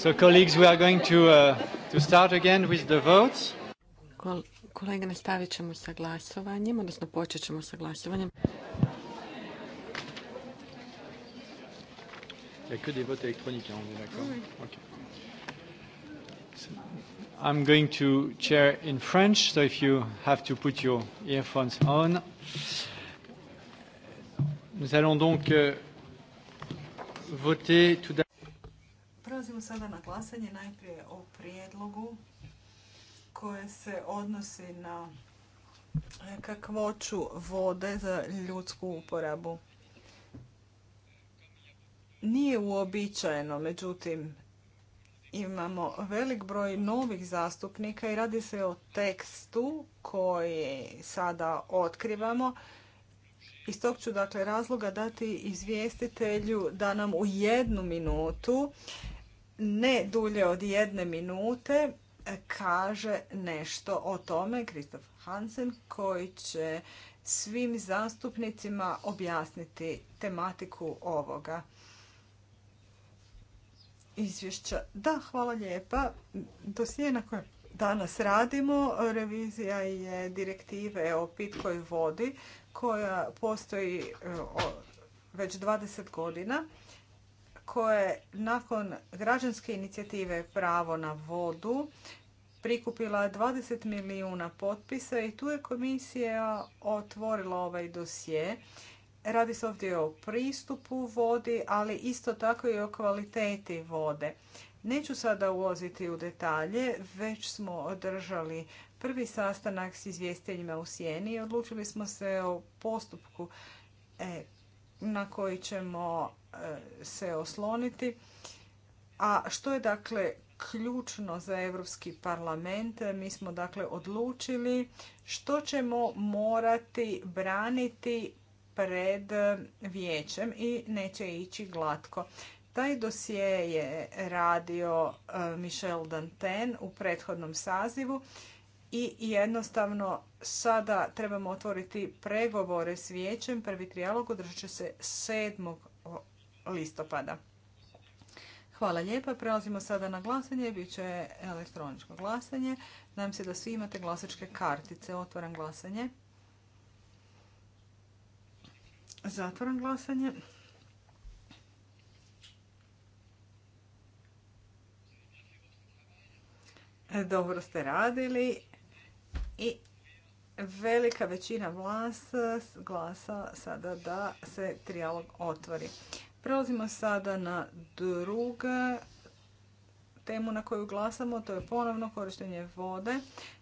So colleagues, we are going to, uh, to start again with the votes. Kolege, nastavit ćemo sa glasovanjem, odnosno počet ćemo sa glasovanjem. Il n'y a que des votes électroniques, hein, on est d'accord oui. okay. so, I'm going to chair in French, so if you have to put your earphones on. Nous allons donc euh, voter tout d'abord sada na glasanje najprije o prijedlogu koje se odnosi na e, kakvoću vode za ljudsku uporabu. Nije uobičajeno, međutim, imamo velik broj novih zastupnika i radi se o tekstu koji sada otkrivamo. Iz tog ću dakle razloga dati izvjestitelju da nam u jednu minutu ne dulje od jedne minute e, kaže nešto o tome Kristof Hansen koji će svim zastupnicima objasniti tematiku ovoga izvješća. Da, hvala lijepa. Dosije na koje danas radimo, revizija je direktive o pitkoj vodi koja postoji e, već 20 godina koje nakon građanske inicijative Pravo na vodu prikupila 20 milijuna potpisa i tu je komisija otvorila ovaj dosje. Radi se ovdje o pristupu vodi, ali isto tako i o kvaliteti vode. Neću sada ulaziti u detalje, već smo održali prvi sastanak s izvjestiteljima u Sjeni i odlučili smo se o postupku e, na koji ćemo E, se osloniti. A što je dakle ključno za Europski parlament? Mi smo dakle odlučili što ćemo morati braniti pred vijećem i neće ići glatko. Taj dosije je radio e, Michel Danten u prethodnom sazivu i jednostavno sada trebamo otvoriti pregovore s vijećem. Prvi trijalog održat će se 7 listopada. Hvala lijepa. Prelazimo sada na glasanje. Biće elektroničko glasanje. Nadam se da svi imate glasačke kartice. Otvaram glasanje. Zatvaram glasanje. Dobro ste radili i velika većina vas glasa sada da se trijalog otvori. Prelazimo sada na druga temu na koju glasamo, to je ponovno korištenje vode.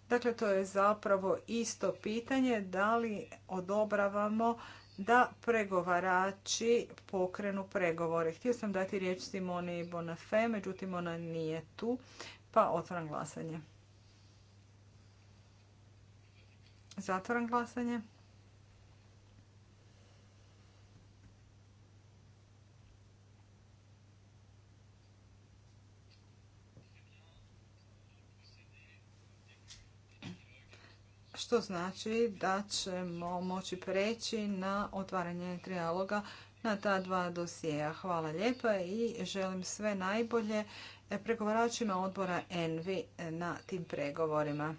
Dakle, to je zapravo isto pitanje da li odobravamo da pregovarači pokrenu pregovore. Htio sam dati riječ timoni Bonafé, međutim ona nije tu, pa otvaram glasanje. Zatvaram glasanje. što znači da ćemo moći preći na otvaranje trijaloga na ta dva dosijeja. Hvala lijepa i želim sve najbolje pregovaračima odbora ENVI na tim pregovorima.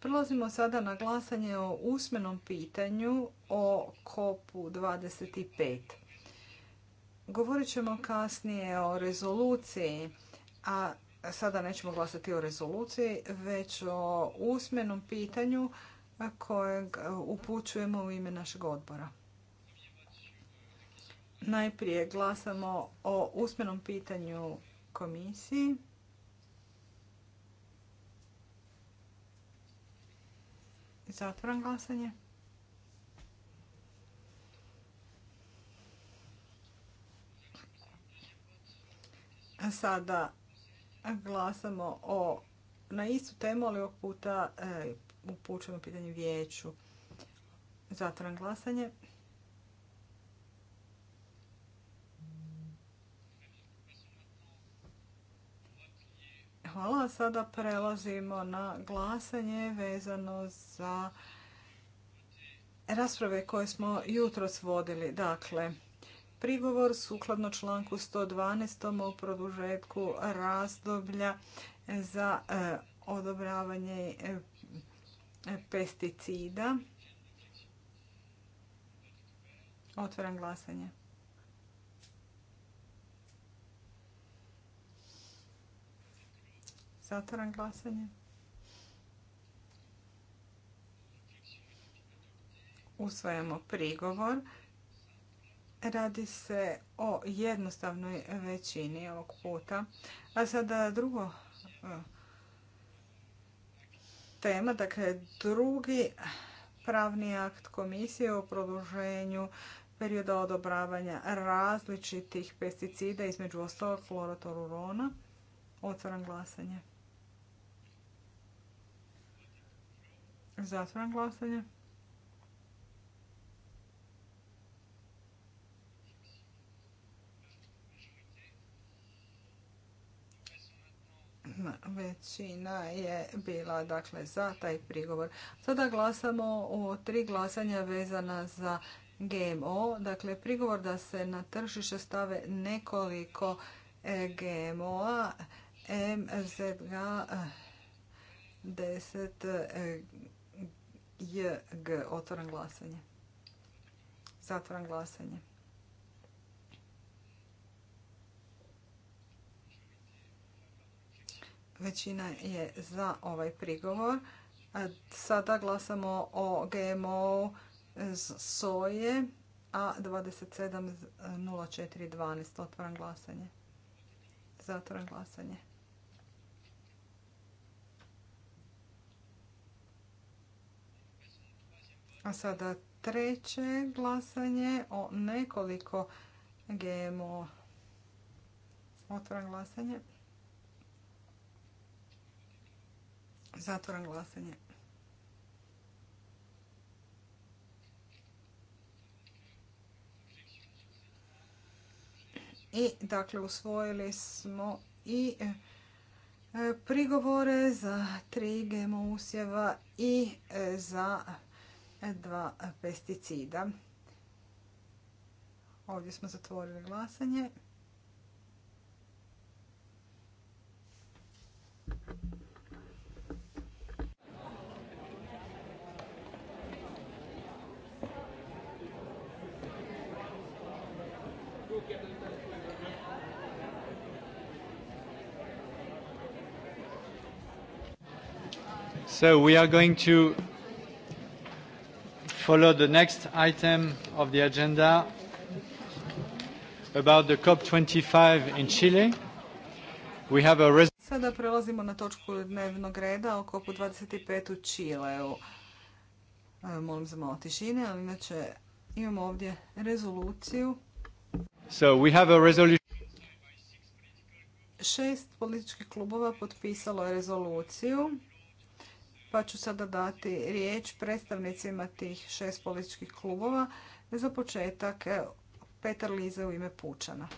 Prelazimo sada na glasanje o usmenom pitanju o kopu 25. Govorit ćemo kasnije o rezoluciji, a sada nećemo glasati o rezoluciji, već o usmenom pitanju kojeg upućujemo u ime našeg odbora. Najprije glasamo o usmenom pitanju komisiji. Zatvoram glasanje. Sada glasamo o, na istu temu, ali ovog puta e, pitanje vijeću. Zatvoram glasanje. Hvala. Sada prelazimo na glasanje vezano za rasprave koje smo jutros vodili. Dakle, prigovor sukladno članku 112. o produžetku razdoblja za e, odobravanje e, pesticida. Otvaram glasanje. Zatvaram glasanje. Usvajamo prigovor. Radi se o jednostavnoj većini ovog puta. A sada drugo e, tema, dakle drugi pravni akt komisije o produženju perioda odobravanja različitih pesticida, između ostalog klorotorurona. Otvoram glasanje. Zatvoram glasanje. većina je bila dakle za taj prigovor. Sada glasamo o tri glasanja vezana za GMO, dakle prigovor da se na tržište stave nekoliko e, GMO-a, MZGA 10 JG, e, otvoran glasanje. Zatvoran glasanje. Većina je za ovaj prigovor. Sada glasamo o GMO soje A270412. Otvaram glasanje. Zatvaram glasanje. A sada treće glasanje o nekoliko GMO. Otvaram glasanje. Zatvoran glasanje. I dakle usvojili smo i e, prigovore za tri GMO usjeva i e, za dva pesticida. Ovdje smo zatvorili glasanje. So we are going to follow the next item of the agenda about the COP25 in Chile. We have a Sada prelazimo na točku dnevnog reda o COP25 u Čileu. E, molim za malo tišine, ali inače imamo ovdje rezoluciju. So we have a resolution. Šest političkih klubova potpisalo je rezoluciju pa ću sada dati riječ predstavnicima tih šest političkih klubova. Za početak, Petar Lize u ime Pučana.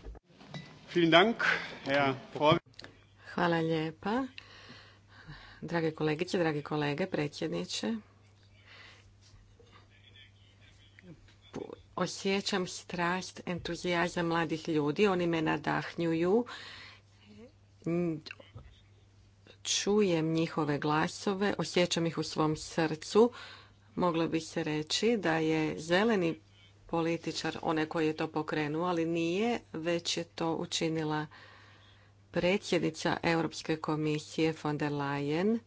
Hvala lijepa. Drage kolegice, dragi kolege, predsjedniče. Osjećam strast, entuzijazam mladih ljudi. Oni me nadahnjuju čujem njihove glasove, osjećam ih u svom srcu. Moglo bi se reći da je zeleni političar onaj koji je to pokrenuo, ali nije, već je to učinila predsjednica Europske komisije von der Leyen.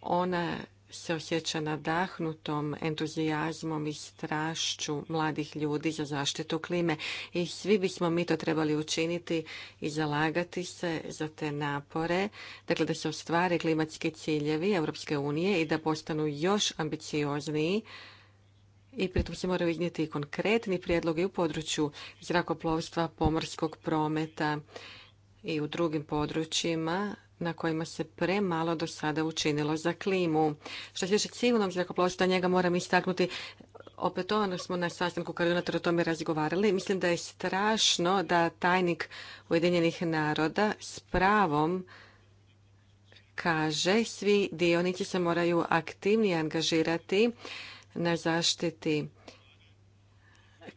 Ona se osjeća nadahnutom entuzijazmom i strašću mladih ljudi za zaštitu klime. I svi bismo mi to trebali učiniti i zalagati se za te napore, dakle da se ostvare klimatski ciljevi Europske unije i da postanu još ambiciozniji i pritom se moraju iznijeti i konkretni prijedlogi u području zrakoplovstva, pomorskog prometa i u drugim područjima na kojima se premalo do sada učinilo za klimu. Što se tiče civilnog zrakoplovstva, njega moram istaknuti opetovano smo na sastanku koordinatora o tome razgovarali. Mislim da je strašno da tajnik Ujedinjenih naroda s pravom kaže svi dionici se moraju aktivnije angažirati na zaštiti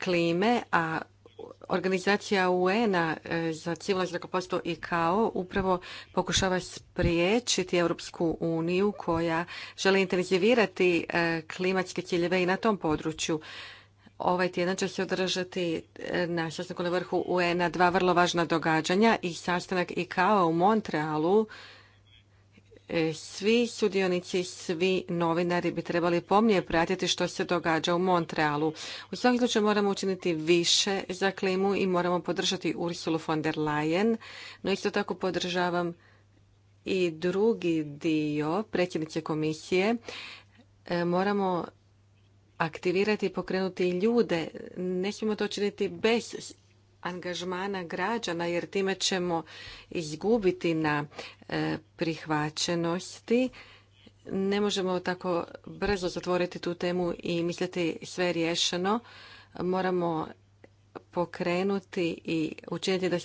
klime, a Organizacija UN-a e, za civilno zrakoplovstvo i kao upravo pokušava spriječiti Europsku uniju koja želi intenzivirati e, klimatske ciljeve i na tom području. Ovaj tjedan će se održati e, na sastanku na vrhu UN-a dva vrlo važna događanja i sastanak i kao u Montrealu E, svi sudionici, svi novinari bi trebali pomnije pratiti što se događa u Montrealu. U svakom slučaju moramo učiniti više za klimu i moramo podržati Ursulu von der Leyen, no isto tako podržavam i drugi dio predsjednice komisije. E, moramo aktivirati i pokrenuti ljude. Ne smijemo to činiti bez angažmana građana jer time ćemo izgubiti na e, prihvaćenosti. Ne možemo tako brzo zatvoriti tu temu i misliti sve je rješeno. Moramo pokrenuti i učiniti da,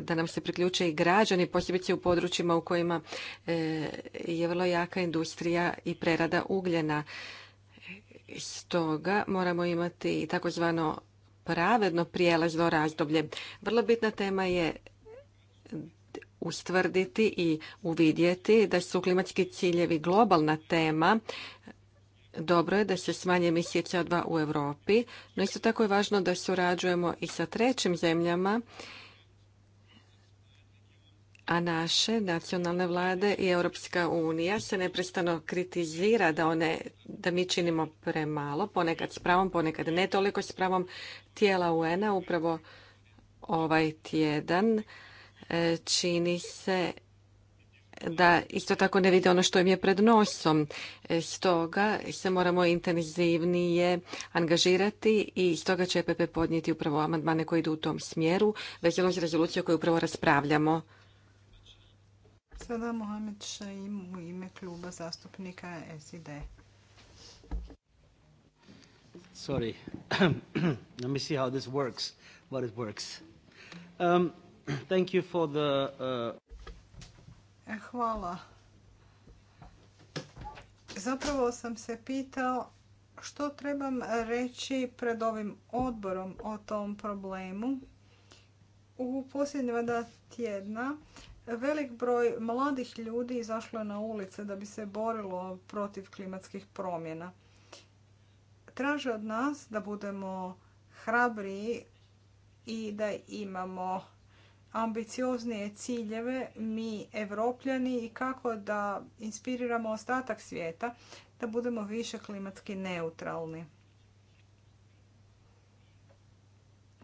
da nam se priključe i građani, posebice u područjima u kojima e, je vrlo jaka industrija i prerada ugljena. Stoga moramo imati takozvano pravedno prijelazno razdoblje. Vrlo bitna tema je ustvrditi i uvidjeti da su klimatski ciljevi globalna tema. Dobro je da se smanje emisije CO2 u Europi, no isto tako je važno da surađujemo i sa trećim zemljama a naše nacionalne vlade i Europska unija se neprestano kritizira da one da mi činimo premalo, ponekad s pravom, ponekad ne toliko s pravom tijela UN-a upravo ovaj tjedan e, čini se da isto tako ne vide ono što im je pred nosom. E, stoga se moramo intenzivnije angažirati i stoga će EPP podnijeti upravo amandmane koji idu u tom smjeru vezano s rezoluciju koju upravo raspravljamo. Sada Mohamed Šaim u ime kluba zastupnika SID. Sorry, let me see how this works, what it works. Um, thank you for the... Uh, e, hvala. Zapravo sam se pitao što trebam reći pred ovim odborom o tom problemu. U posljednjeva dva tjedna Velik broj mladih ljudi izašlo je na ulice da bi se borilo protiv klimatskih promjena. Traže od nas da budemo hrabriji i da imamo ambicioznije ciljeve mi evropljani i kako da inspiriramo ostatak svijeta da budemo više klimatski neutralni.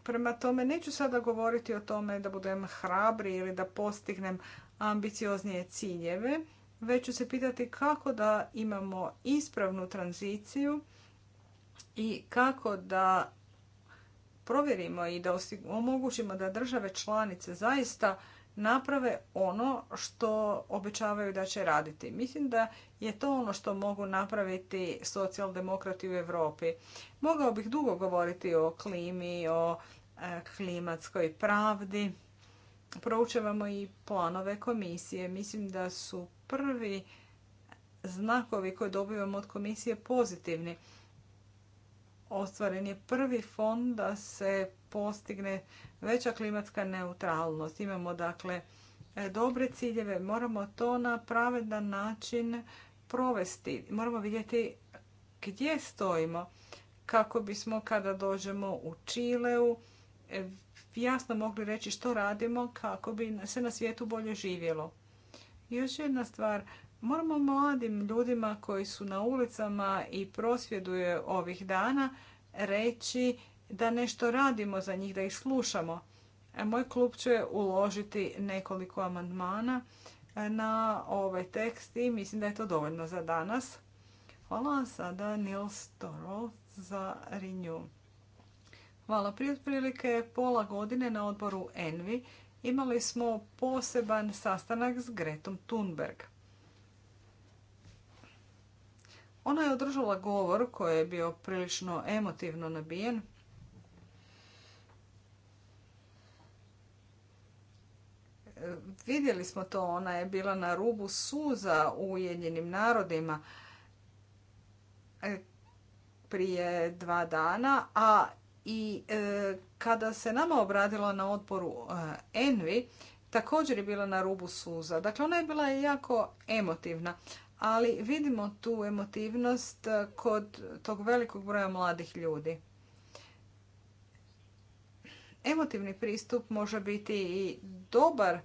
Prema tome, neću sada govoriti o tome da budem hrabri ili da postignem ambicioznije ciljeve, već ću se pitati kako da imamo ispravnu tranziciju i kako da provjerimo i da omogućimo da države članice zaista naprave ono što obećavaju da će raditi. Mislim da je to ono što mogu napraviti socijaldemokrati u Europi. Mogao bih dugo govoriti o klimi, o klimatskoj pravdi. Proučavamo i planove komisije. Mislim da su prvi znakovi koje dobivamo od komisije pozitivni. Ostvaren je prvi fond da se postigne veća klimatska neutralnost. Imamo dakle dobre ciljeve, moramo to na pravedan način provesti. Moramo vidjeti gdje stojimo kako bismo kada dođemo u Čileu jasno mogli reći što radimo kako bi se na svijetu bolje živjelo. Još jedna stvar, moramo mladim ljudima koji su na ulicama i prosvjeduje ovih dana reći da nešto radimo za njih, da ih slušamo. E, moj klub će uložiti nekoliko amandmana e, na ovaj tekst i mislim da je to dovoljno za danas. Hvala sada Nils Torov za Renew. Hvala. Prije otprilike pola godine na odboru Envi imali smo poseban sastanak s Gretom Thunberg. Ona je održala govor koji je bio prilično emotivno nabijen. Vidjeli smo to, ona je bila na rubu suza u Ujedinjenim narodima e, prije dva dana, a i e, kada se nama obradila na odboru e, Envi, također je bila na rubu suza. Dakle, ona je bila jako emotivna, ali vidimo tu emotivnost e, kod tog velikog broja mladih ljudi. Emotivni pristup može biti i dobar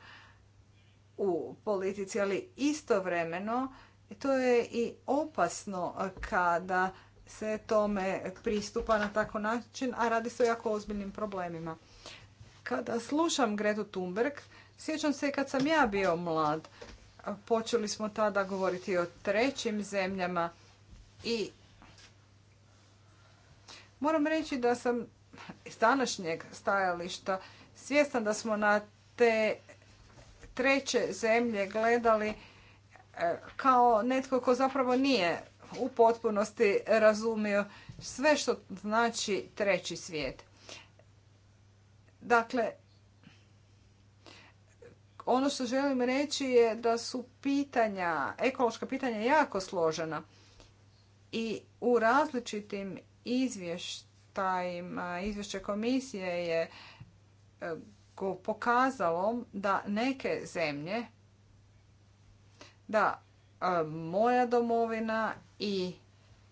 u politici, ali istovremeno to je i opasno kada se tome pristupa na tako način, a radi se o jako ozbiljnim problemima. Kada slušam Gretu Thunberg, sjećam se kad sam ja bio mlad. Počeli smo tada govoriti o trećim zemljama i moram reći da sam iz današnjeg stajališta svjestan da smo na te treće zemlje gledali e, kao netko ko zapravo nije u potpunosti razumio sve što znači treći svijet. Dakle, ono što želim reći je da su pitanja, ekološka pitanja jako složena i u različitim izvještajima, izvješće komisije je e, pokazalo da neke zemlje da moja domovina i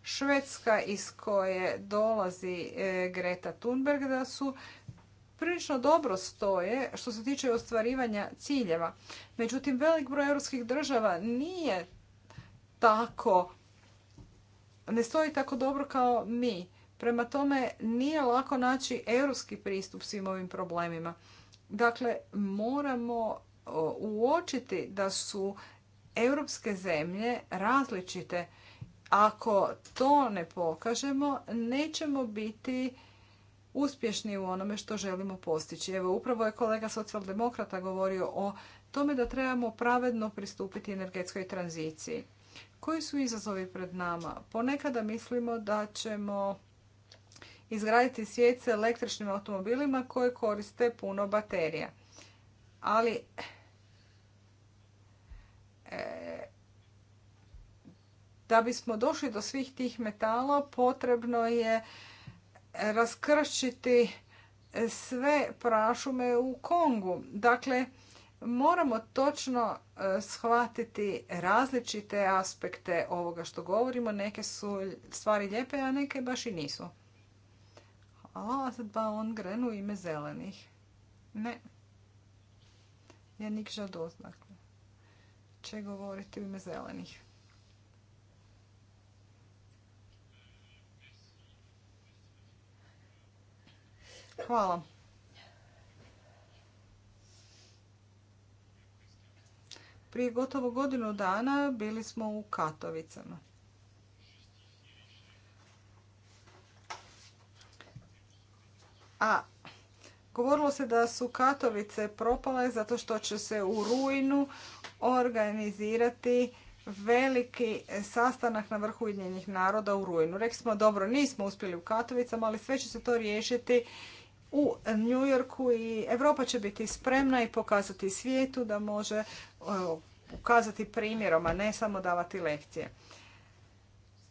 Švedska iz koje dolazi e, Greta Thunberg da su prilično dobro stoje što se tiče ostvarivanja ciljeva. Međutim, velik broj europskih država nije tako, ne stoji tako dobro kao mi. Prema tome, nije lako naći europski pristup svim ovim problemima. Dakle, moramo e, uočiti da su europske zemlje različite. Ako to ne pokažemo, nećemo biti uspješni u onome što želimo postići. Evo, upravo je kolega socijaldemokrata govorio o tome da trebamo pravedno pristupiti energetskoj tranziciji. Koji su izazovi pred nama? Ponekada mislimo da ćemo izgraditi svijet sa električnim automobilima koje koriste puno baterija. Ali da bismo došli do svih tih metala potrebno je raskršiti sve prašume u Kongu. Dakle, moramo točno e, shvatiti različite aspekte ovoga što govorimo. Neke su stvari lijepe, a neke baš i nisu. Hvala, sad ba on grenu ime zelenih. Ne. Ja nikša doznak će govoriti u ime zelenih. Hvala. Prije gotovo godinu dana bili smo u Katovicama. A govorilo se da su Katovice propale zato što će se u rujnu organizirati veliki sastanak na vrhu Ujedinjenih naroda u rujnu. Rekli smo dobro, nismo uspjeli u Katovicama, ali sve će se to riješiti u New Yorku i Europa će biti spremna i pokazati svijetu da može ukazati primjerom, a ne samo davati lekcije.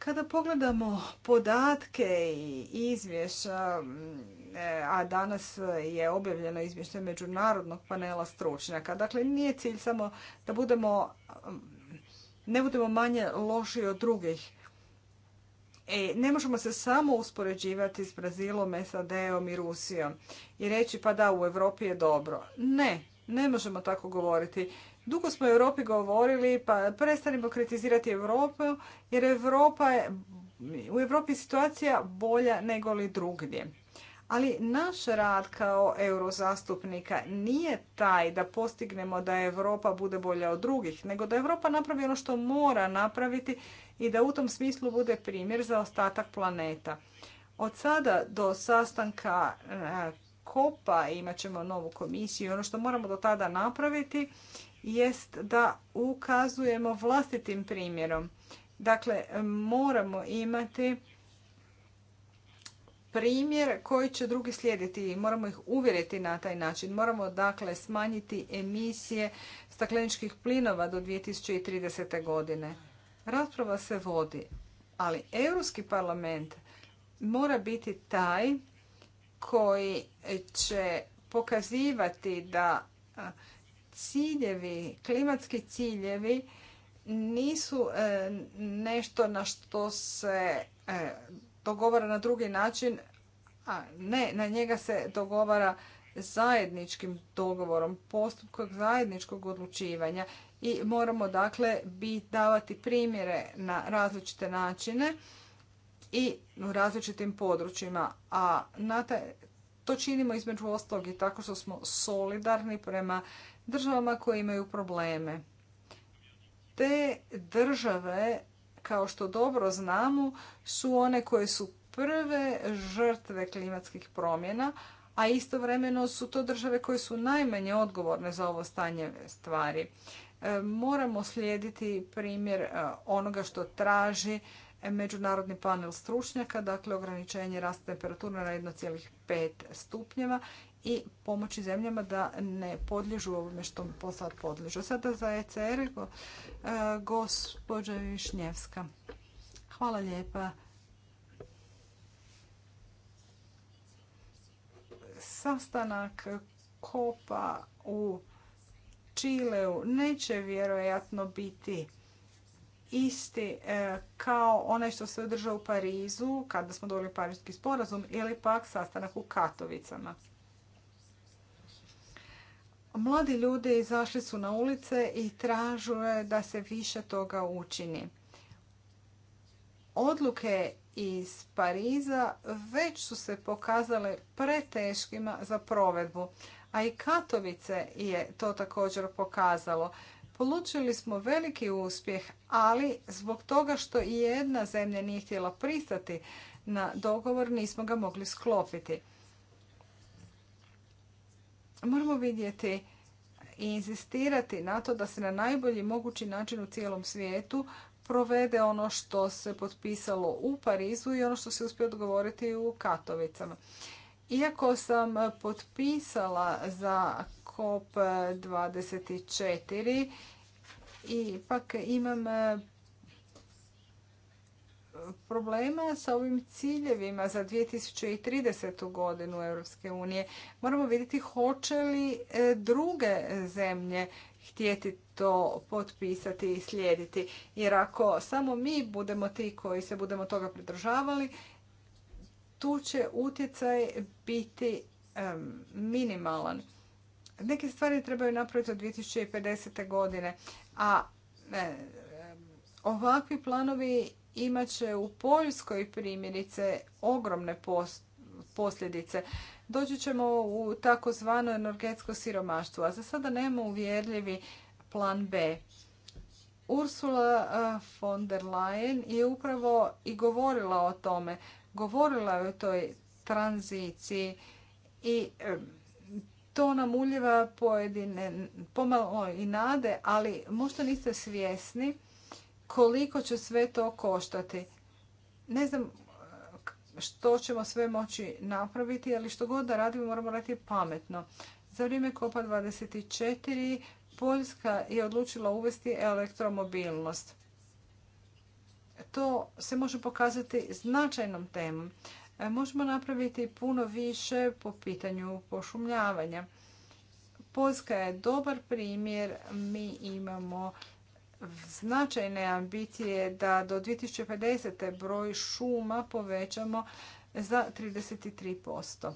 Kada pogledamo podatke i izvješća, mm, e, a danas je objavljeno izvješće međunarodnog panela stručnjaka, dakle nije cilj samo da budemo, mm, ne budemo manje loši od drugih. E, ne možemo se samo uspoređivati s Brazilom, SAD-om i Rusijom i reći pa da u Europi je dobro. Ne, ne možemo tako govoriti. Dugo smo u Europi govorili, pa prestanimo kritizirati Europu, jer Europa je, u Europi je situacija bolja nego li drugdje. Ali naš rad kao eurozastupnika nije taj da postignemo da Europa bude bolja od drugih, nego da Europa napravi ono što mora napraviti i da u tom smislu bude primjer za ostatak planeta. Od sada do sastanka e, kopa imat ćemo novu komisiju. i Ono što moramo do tada napraviti jest da ukazujemo vlastitim primjerom. Dakle, moramo imati primjer koji će drugi slijediti i moramo ih uvjeriti na taj način. Moramo dakle smanjiti emisije stakleničkih plinova do 2030. godine. Rasprava se vodi, ali Europski parlament mora biti taj koji će pokazivati da ciljevi, klimatski ciljevi nisu e, nešto na što se e, dogovara na drugi način, a ne, na njega se dogovara zajedničkim dogovorom, postupkom zajedničkog odlučivanja i moramo dakle bi davati primjere na različite načine i u različitim područjima, a na to činimo između ostalog i tako što smo solidarni prema državama koje imaju probleme. Te države, kao što dobro znamo, su one koje su prve žrtve klimatskih promjena, a istovremeno su to države koje su najmanje odgovorne za ovo stanje stvari. E, moramo slijediti primjer e, onoga što traži međunarodni panel stručnjaka, dakle ograničenje rasta temperature na 1,5 stupnjeva i pomoći zemljama da ne podliježu ovome što posad podliježu. Sada za ECR e, gospođa Višnjevska. Hvala lijepa. Sastanak kopa u Čileu neće vjerojatno biti isti e, kao onaj što se održao u Parizu kada smo dobili Parijski sporazum ili pak sastanak u Katovicama. Mladi ljudi izašli su na ulice i tražuje da se više toga učini. Odluke iz Pariza već su se pokazale preteškima za provedbu, a i Katovice je to također pokazalo. Polučili smo veliki uspjeh, ali zbog toga što i jedna zemlja nije htjela pristati na dogovor, nismo ga mogli sklopiti. Moramo vidjeti i insistirati na to da se na najbolji mogući način u cijelom svijetu provede ono što se potpisalo u Parizu i ono što se uspio odgovoriti u Katovicama. Iako sam potpisala za COP24, ipak imam problema sa ovim ciljevima za 2030. godinu Europske unije. Moramo vidjeti hoće li e, druge zemlje htjeti to potpisati i slijediti. Jer ako samo mi budemo ti koji se budemo toga pridržavali, tu će utjecaj biti minimalan. Neke stvari trebaju napraviti od 2050. godine, a e, ovakvi planovi imat će u Poljskoj primjerice ogromne posljedice. Doći ćemo u takozvano energetsko siromaštvo, a za sada nema uvjerljivi plan B. Ursula von der Leyen je upravo i govorila o tome. Govorila je o toj tranziciji i e, to nam uljeva pojedine pomalo i nade, ali možda niste svjesni koliko će sve to koštati. Ne znam e, što ćemo sve moći napraviti, ali što god da radimo moramo raditi pametno. Za vrijeme Kopa 24 Poljska je odlučila uvesti elektromobilnost. To se može pokazati značajnom temom. E, možemo napraviti puno više po pitanju pošumljavanja. Poljska je dobar primjer. Mi imamo značajne ambicije da do 2050. broj šuma povećamo za 33%.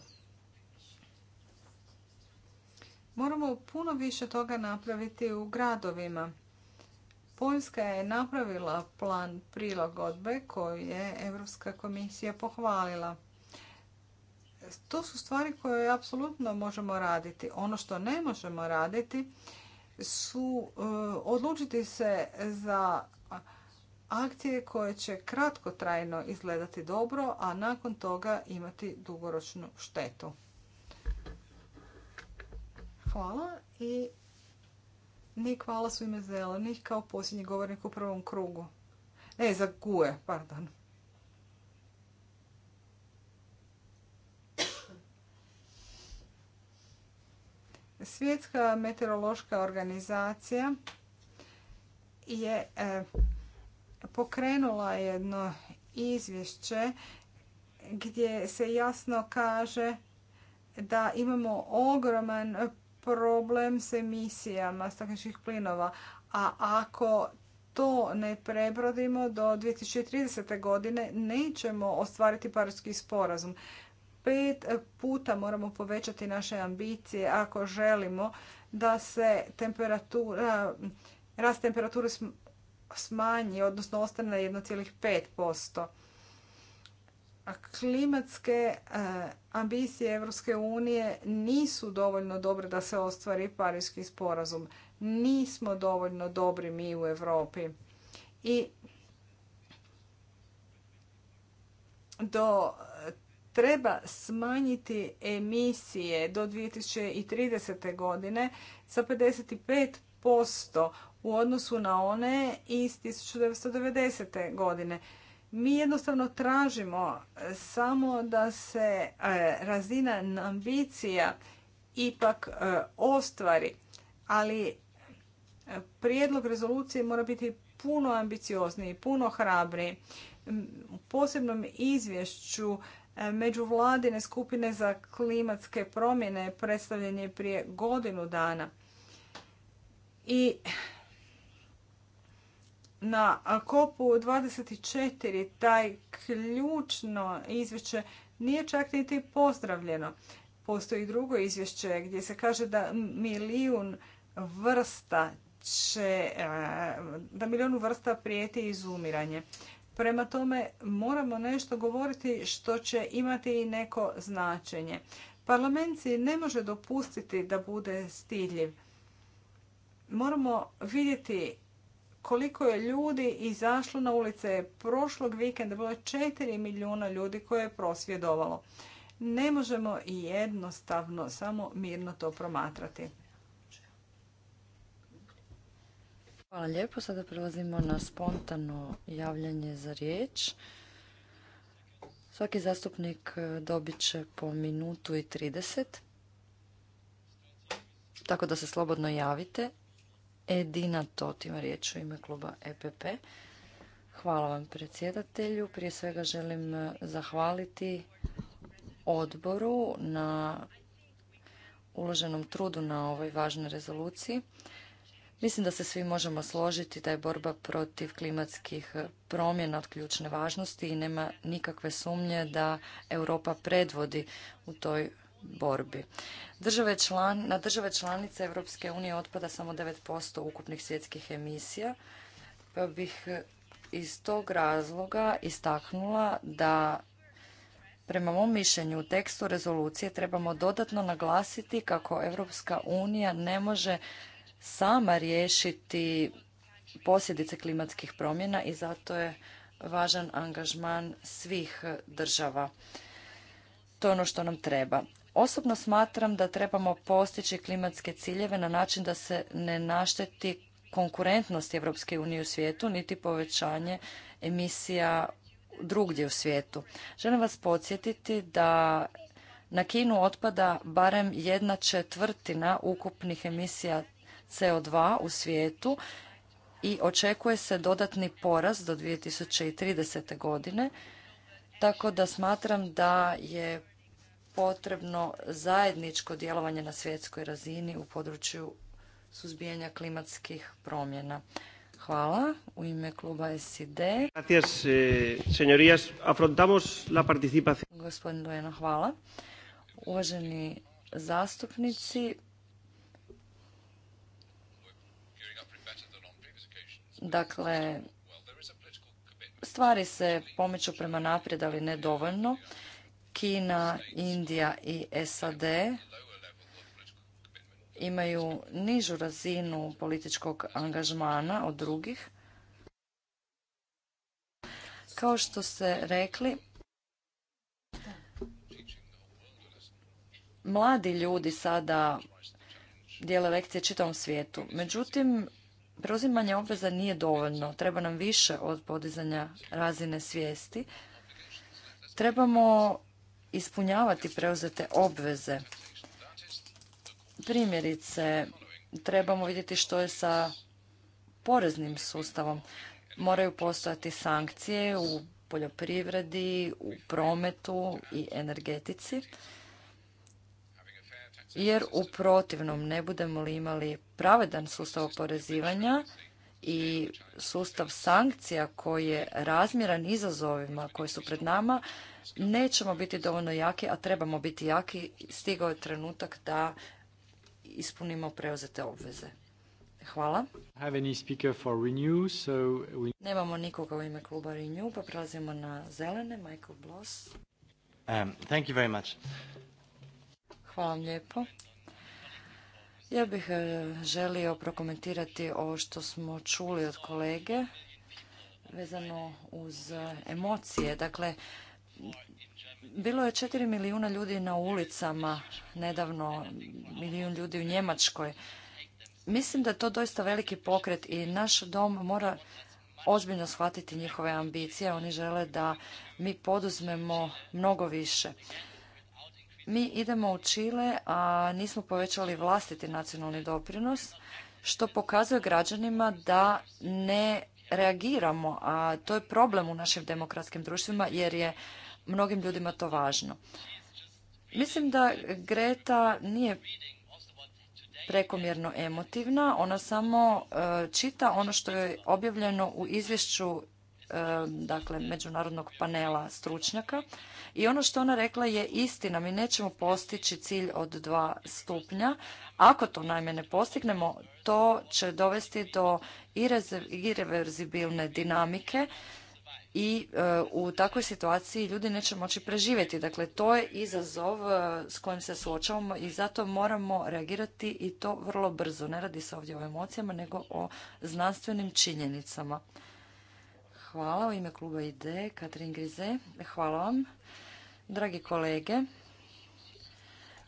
Moramo puno više toga napraviti u gradovima. Poljska je napravila plan prilagodbe koji je Europska komisija pohvalila. To su stvari koje apsolutno možemo raditi. Ono što ne možemo raditi su e, odlučiti se za akcije koje će kratkotrajno izgledati dobro, a nakon toga imati dugoročnu štetu. Hvala i hvala su ime zelenih kao posljednji govornik u prvom krugu. Ne, za guje, pardon. Svjetska meteorološka organizacija je e, pokrenula jedno izvješće gdje se jasno kaže da imamo ogroman problem s emisijama stakleničkih plinova, a ako to ne prebrodimo do 2030. godine nećemo ostvariti parijski sporazum pet puta moramo povećati naše ambicije ako želimo da se temperatura, rast temperature smanji, odnosno ostane na 1,5%. A klimatske e, ambicije Europske unije nisu dovoljno dobre da se ostvari parijski sporazum. Nismo dovoljno dobri mi u Europi. I do treba smanjiti emisije do 2030. godine sa 55% u odnosu na one iz 1990. godine. Mi jednostavno tražimo samo da se e, razina ambicija ipak e, ostvari, ali e, prijedlog rezolucije mora biti puno ambiciozniji, puno hrabriji. U posebnom izvješću E, vladine skupine za klimatske promjene predstavljen je prije godinu dana. I na kopu 24 taj ključno izvješće nije čak niti pozdravljeno. Postoji drugo izvješće gdje se kaže da milijun vrsta će, e, da milijun vrsta prijeti izumiranje. Prema tome moramo nešto govoriti što će imati i neko značenje. Parlament si ne može dopustiti da bude stidljiv. Moramo vidjeti koliko je ljudi izašlo na ulice. Prošlog vikenda bilo je 4 milijuna ljudi koje je prosvjedovalo. Ne možemo jednostavno samo mirno to promatrati. Hvala lijepo. Sada prelazimo na spontano javljanje za riječ. Svaki zastupnik e, dobit će po minutu i 30. Tako da se slobodno javite. Edina Tot ima riječ u ime kluba EPP. Hvala vam predsjedatelju. Prije svega želim e, zahvaliti odboru na uloženom trudu na ovoj važnoj rezoluciji. Mislim da se svi možemo složiti da je borba protiv klimatskih eh, promjena od ključne važnosti i nema nikakve sumnje da Europa predvodi u toj borbi. Države na države članice Europske unije otpada samo 9% ukupnih svjetskih emisija, pa bih eh, iz tog razloga istaknula da Prema mom mišljenju u tekstu rezolucije trebamo dodatno naglasiti kako Europska unija ne može sama riješiti posljedice klimatskih promjena i zato je važan angažman svih država. To je ono što nam treba. Osobno smatram da trebamo postići klimatske ciljeve na način da se ne našteti konkurentnost Europske unije u svijetu, niti povećanje emisija drugdje u svijetu. Želim vas podsjetiti da na Kinu otpada barem jedna četvrtina ukupnih emisija CO2 u svijetu i očekuje se dodatni porast do 2030. godine, tako da smatram da je potrebno zajedničko djelovanje na svjetskoj razini u području suzbijanja klimatskih promjena. Hvala. U ime kluba SID. Gracias, eh, señorías. Gospodin Dojeno, hvala. Uvaženi zastupnici, Dakle, stvari se pomeću prema naprijed, ali ne dovoljno. Kina, Indija i SAD imaju nižu razinu političkog angažmana od drugih. Kao što ste rekli, mladi ljudi sada dijele lekcije čitavom svijetu. Međutim, Preuzimanje obveza nije dovoljno, treba nam više od podizanja razine svijesti. Trebamo ispunjavati preuzete obveze. Primjerice, trebamo vidjeti što je sa poreznim sustavom. Moraju postojati sankcije u poljoprivredi, u prometu i energetici jer u protivnom ne budemo li imali pravedan sustav oporezivanja i sustav sankcija koji je razmjeran izazovima koji su pred nama, nećemo biti dovoljno jaki, a trebamo biti jaki. Stigao je trenutak da ispunimo preuzete obveze. Hvala. Nemamo nikoga u ime kluba Renew, pa prelazimo na zelene. Michael Bloss. Um, Hvala vam lijepo. Ja bih e, želio prokomentirati ovo što smo čuli od kolege vezano uz emocije. Dakle, bilo je 4 milijuna ljudi na ulicama nedavno, milijun ljudi u Njemačkoj. Mislim da je to doista veliki pokret i naš dom mora ozbiljno shvatiti njihove ambicije. Oni žele da mi poduzmemo mnogo više. Mi idemo u Čile, a nismo povećali vlastiti nacionalni doprinos, što pokazuje građanima da ne reagiramo, a to je problem u našim demokratskim društvima jer je mnogim ljudima to važno. Mislim da Greta nije prekomjerno emotivna, ona samo e, čita ono što je objavljeno u izvješću dakle međunarodnog panela stručnjaka i ono što ona rekla je istina, mi nećemo postići cilj od dva stupnja. Ako to najme ne postignemo, to će dovesti do irreverzibilne dinamike i eh, u takvoj situaciji ljudi neće moći preživjeti. Dakle, to je izazov eh, s kojim se suočavamo i zato moramo reagirati i to vrlo brzo. Ne radi se ovdje o emocijama, nego o znanstvenim činjenicama. Hvala u ime kluba ID, Katrin Grize. Hvala vam. Dragi kolege,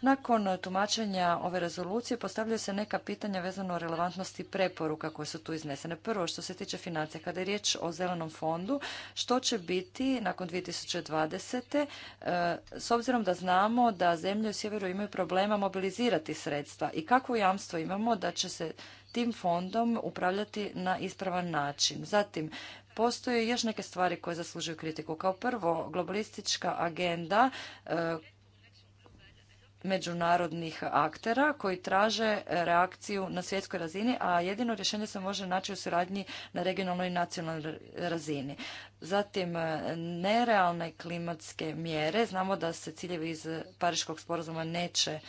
nakon tumačenja ove rezolucije postavljaju se neka pitanja vezano o relevantnosti preporuka koje su tu iznesene. Prvo, što se tiče financija, kada je riječ o zelenom fondu, što će biti nakon 2020. E, s obzirom da znamo da zemlje u sjeveru imaju problema mobilizirati sredstva i kakvo jamstvo imamo da će se tim fondom upravljati na ispravan način. Zatim, postoje još neke stvari koje zaslužuju kritiku. Kao prvo, globalistička agenda e, međunarodnih aktera koji traže reakciju na svjetskoj razini, a jedino rješenje se može naći u suradnji na regionalnoj i nacionalnoj razini. Zatim, e, nerealne klimatske mjere. Znamo da se ciljevi iz Pariškog sporazuma neće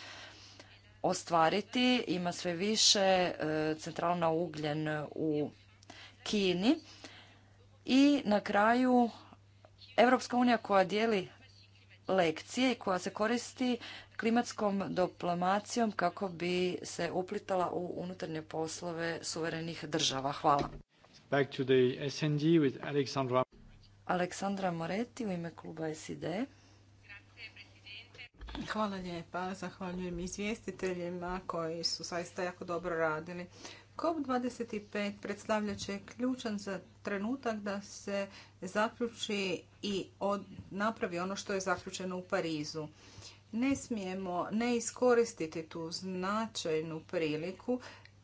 ostvariti. Ima sve više e, centralna ugljen u Kini i na kraju, Evropska unija koja dijeli lekcije i koja se koristi klimatskom diplomacijom kako bi se uplitala u unutarnje poslove suverenih država. Hvala. Aleksandra. Aleksandra Moretti u ime kluba SID. Hvala lijepa. Zahvaljujem izvjestiteljima koji su zaista jako dobro radili. COP25 predstavljat će ključan za trenutak da se zaključi i napravi ono što je zaključeno u Parizu. Ne smijemo ne iskoristiti tu značajnu priliku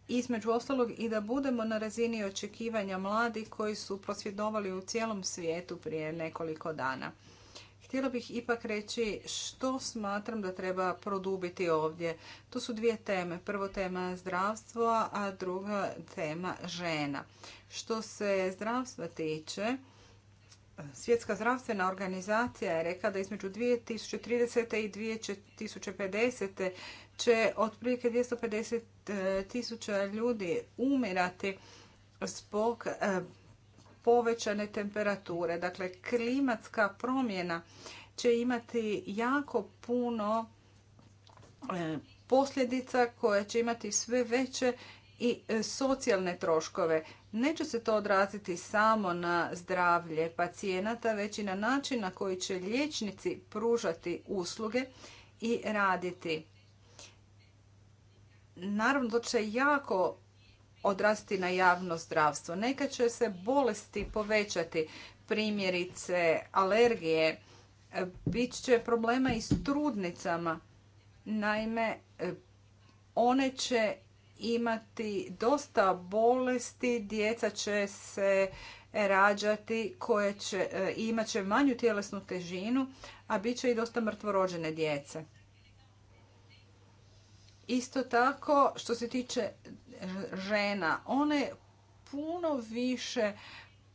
između ostalog i da budemo na razini očekivanja mladih koji su prosvjedovali u cijelom svijetu prije nekoliko dana. Htjela bih ipak reći što smatram da treba produbiti ovdje. To su dvije teme. Prvo tema zdravstvo, a druga tema žena. Što se zdravstva tiče, Svjetska zdravstvena organizacija je rekla da između 2030. i 2050. će otprilike 250.000 tisuća ljudi umirati zbog eh, povećane temperature. Dakle, klimatska promjena će imati jako puno e, posljedica koje će imati sve veće i e, socijalne troškove. Neće se to odraziti samo na zdravlje pacijenata, već i na način na koji će liječnici pružati usluge i raditi. Naravno, to će jako odrasti na javno zdravstvo. Neka će se bolesti povećati, primjerice alergije, e, bit će problema i s trudnicama. Naime, e, one će imati dosta bolesti, djeca će se rađati koje će, e, imat će manju tjelesnu težinu, a bit će i dosta mrtvorođene djece. Isto tako što se tiče e, žena, one puno više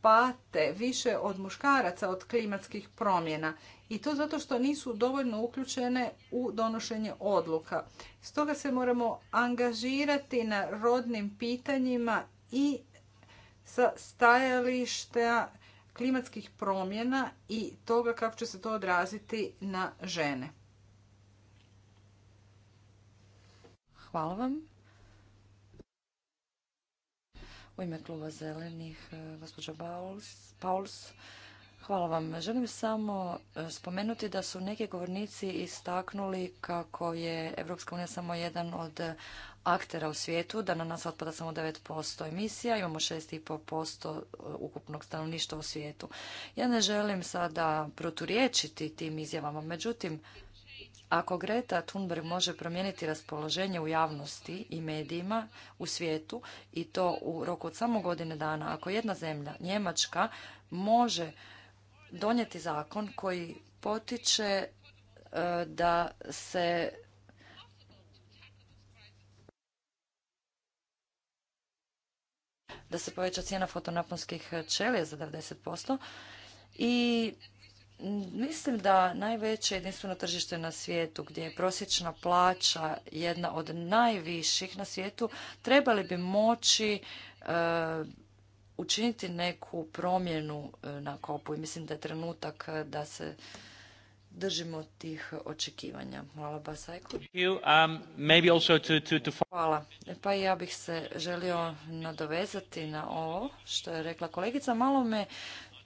pate, više od muškaraca od klimatskih promjena i to zato što nisu dovoljno uključene u donošenje odluka. Stoga se moramo angažirati na rodnim pitanjima i sa stajališta klimatskih promjena i toga kako će se to odraziti na žene. Hvala vam. U ime kluba zelenih, e, gospođa Pauls. Hvala vam. Želim samo e, spomenuti da su neki govornici istaknuli kako je Evropska unija samo jedan od aktera u svijetu, da na nas otpada samo 9% emisija, imamo 6,5% e, ukupnog stanovništva u svijetu. Ja ne želim sada proturiječiti tim izjavama, međutim, ako Greta Thunberg može promijeniti raspoloženje u javnosti i medijima u svijetu i to u roku od samo godine dana, ako jedna zemlja, Njemačka, može donijeti zakon koji potiče e, da se da se poveća cijena fotonaponskih čelija za 90% i Mislim da najveće jedinstveno tržište na svijetu gdje je prosječna plaća jedna od najviših na svijetu, trebali bi moći e, učiniti neku promjenu e, na kopu i mislim da je trenutak e, da se držimo tih očekivanja. Hvala Basajku. Um, Hvala. Pa ja bih se želio nadovezati na ovo što je rekla kolegica. Malo me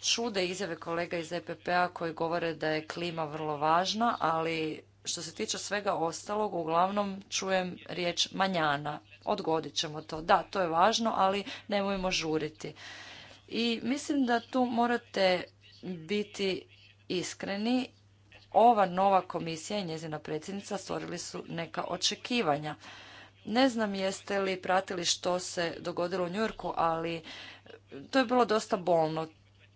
čude izjave kolega iz EPP-a koji govore da je klima vrlo važna, ali što se tiče svega ostalog, uglavnom čujem riječ manjana. Odgodit ćemo to. Da, to je važno, ali nemojmo žuriti. I mislim da tu morate biti iskreni. Ova nova komisija i njezina predsjednica stvorili su neka očekivanja. Ne znam jeste li pratili što se dogodilo u Njurku, ali to je bilo dosta bolno.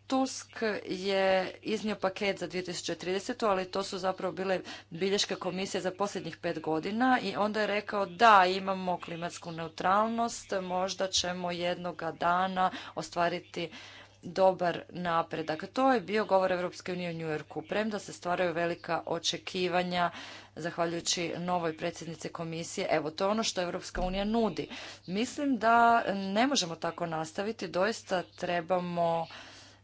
Tusk je iznio paket za 2030. ali to su zapravo bile bilješke komisije za posljednjih pet godina i onda je rekao da imamo klimatsku neutralnost, možda ćemo jednoga dana ostvariti dobar napredak. To je bio govor Europske unije u New Yorku. Premda se stvaraju velika očekivanja zahvaljujući novoj predsjednici komisije. Evo, to je ono što Europska unija nudi. Mislim da ne možemo tako nastaviti. Doista trebamo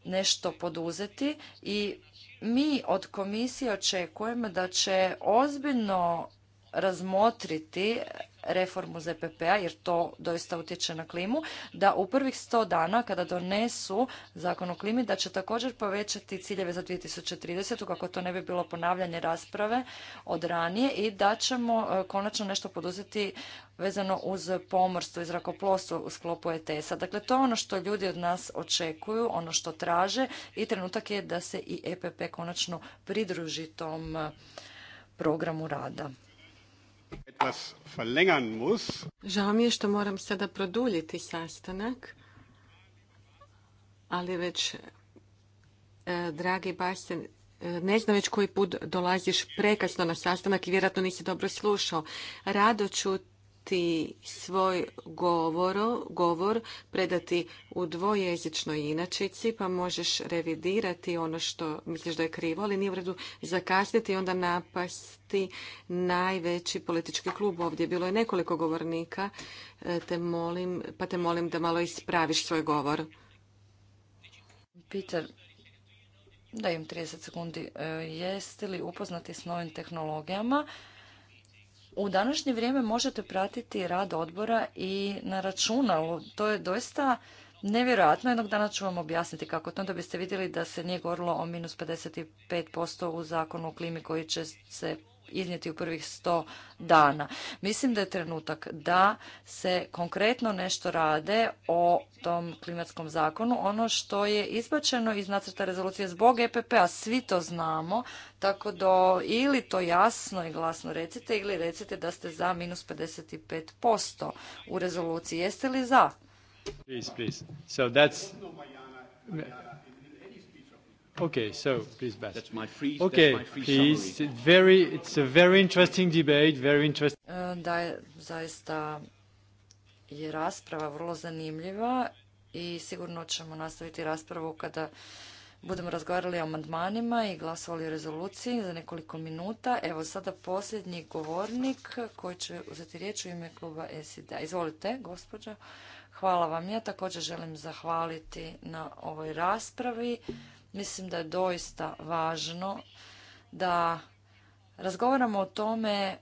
nešto poduzeti i mi od komisije očekujemo da će ozbiljno razmotriti reformu ZPP-a jer to doista utječe na klimu, da u prvih sto dana kada donesu zakon o klimi da će također povećati ciljeve za 2030. kako to ne bi bilo ponavljanje rasprave od ranije i da ćemo e, konačno nešto poduzeti vezano uz pomorstvo i zrakoplovstvo u sklopu ETS-a. Dakle, to je ono što ljudi od nas očekuju, ono što traže i trenutak je da se i EPP konačno pridruži tom e, programu rada. Žao mi je što moram sada produljiti sastanak, ali već, e, dragi Basen, e, ne znam već koji put dolaziš prekasno na sastanak i vjerojatno nisi dobro slušao. Rado ću ti svoj govoro, govor predati u dvojezičnoj inačici, pa možeš revidirati ono što misliš da je krivo, ali nije u redu zakasniti i onda napasti najveći politički klub. Ovdje bilo je nekoliko govornika, e, te molim, pa te molim da malo ispraviš svoj govor. Peter, dajem 30 sekundi. E, jeste li upoznati s novim tehnologijama? U današnje vrijeme možete pratiti rad odbora i na računalu. To je doista nevjerojatno. Jednog dana ću vam objasniti kako to, Da biste vidjeli da se nije govorilo o minus 55% u zakonu o klimi koji će se iznijeti u prvih sto dana. Mislim da je trenutak da se konkretno nešto rade o tom klimatskom zakonu. Ono što je izbačeno iz nacrta rezolucije zbog EPP-a, svi to znamo, tako da ili to jasno i glasno recite ili recite da ste za minus 55% u rezoluciji. Jeste li za? Please, please. So that's... Okay, so please, Bas. please. Very, it's a very interesting debate, very e, Da je zaista je rasprava vrlo zanimljiva i sigurno ćemo nastaviti raspravu kada budemo razgovarali o amandmanima i glasovali o rezoluciji za nekoliko minuta. Evo sada posljednji govornik koji će uzeti riječ u ime kluba SID. Izvolite, gospođa. Hvala vam. Ja također želim zahvaliti na ovoj raspravi. Mislim da je doista važno da razgovaramo o tome e,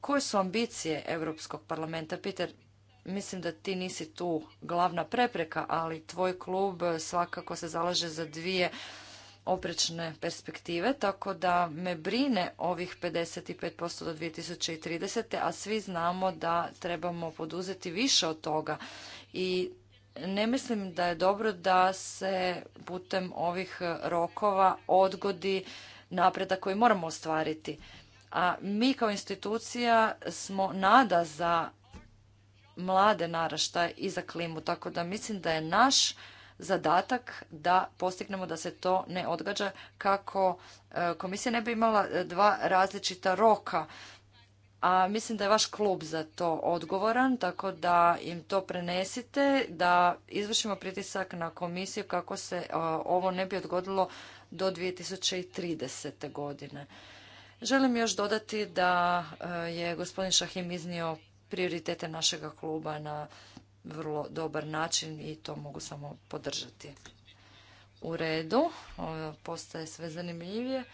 koje su ambicije Europskog parlamenta. Peter, mislim da ti nisi tu glavna prepreka, ali tvoj klub svakako se zalaže za dvije oprečne perspektive, tako da me brine ovih 55% do 2030. a svi znamo da trebamo poduzeti više od toga i ne mislim da je dobro da se putem ovih rokova odgodi napredak koji moramo ostvariti. A mi kao institucija smo nada za mlade naraštaje i za klimu, tako da mislim da je naš zadatak da postignemo da se to ne odgađa kako e, komisija ne bi imala e, dva različita roka a mislim da je vaš klub za to odgovoran, tako da im to prenesite, da izvršimo pritisak na komisiju kako se ovo ne bi odgodilo do 2030. godine. Želim još dodati da je gospodin Šahim iznio prioritete našega kluba na vrlo dobar način i to mogu samo podržati. U redu, postaje sve zanimljivije.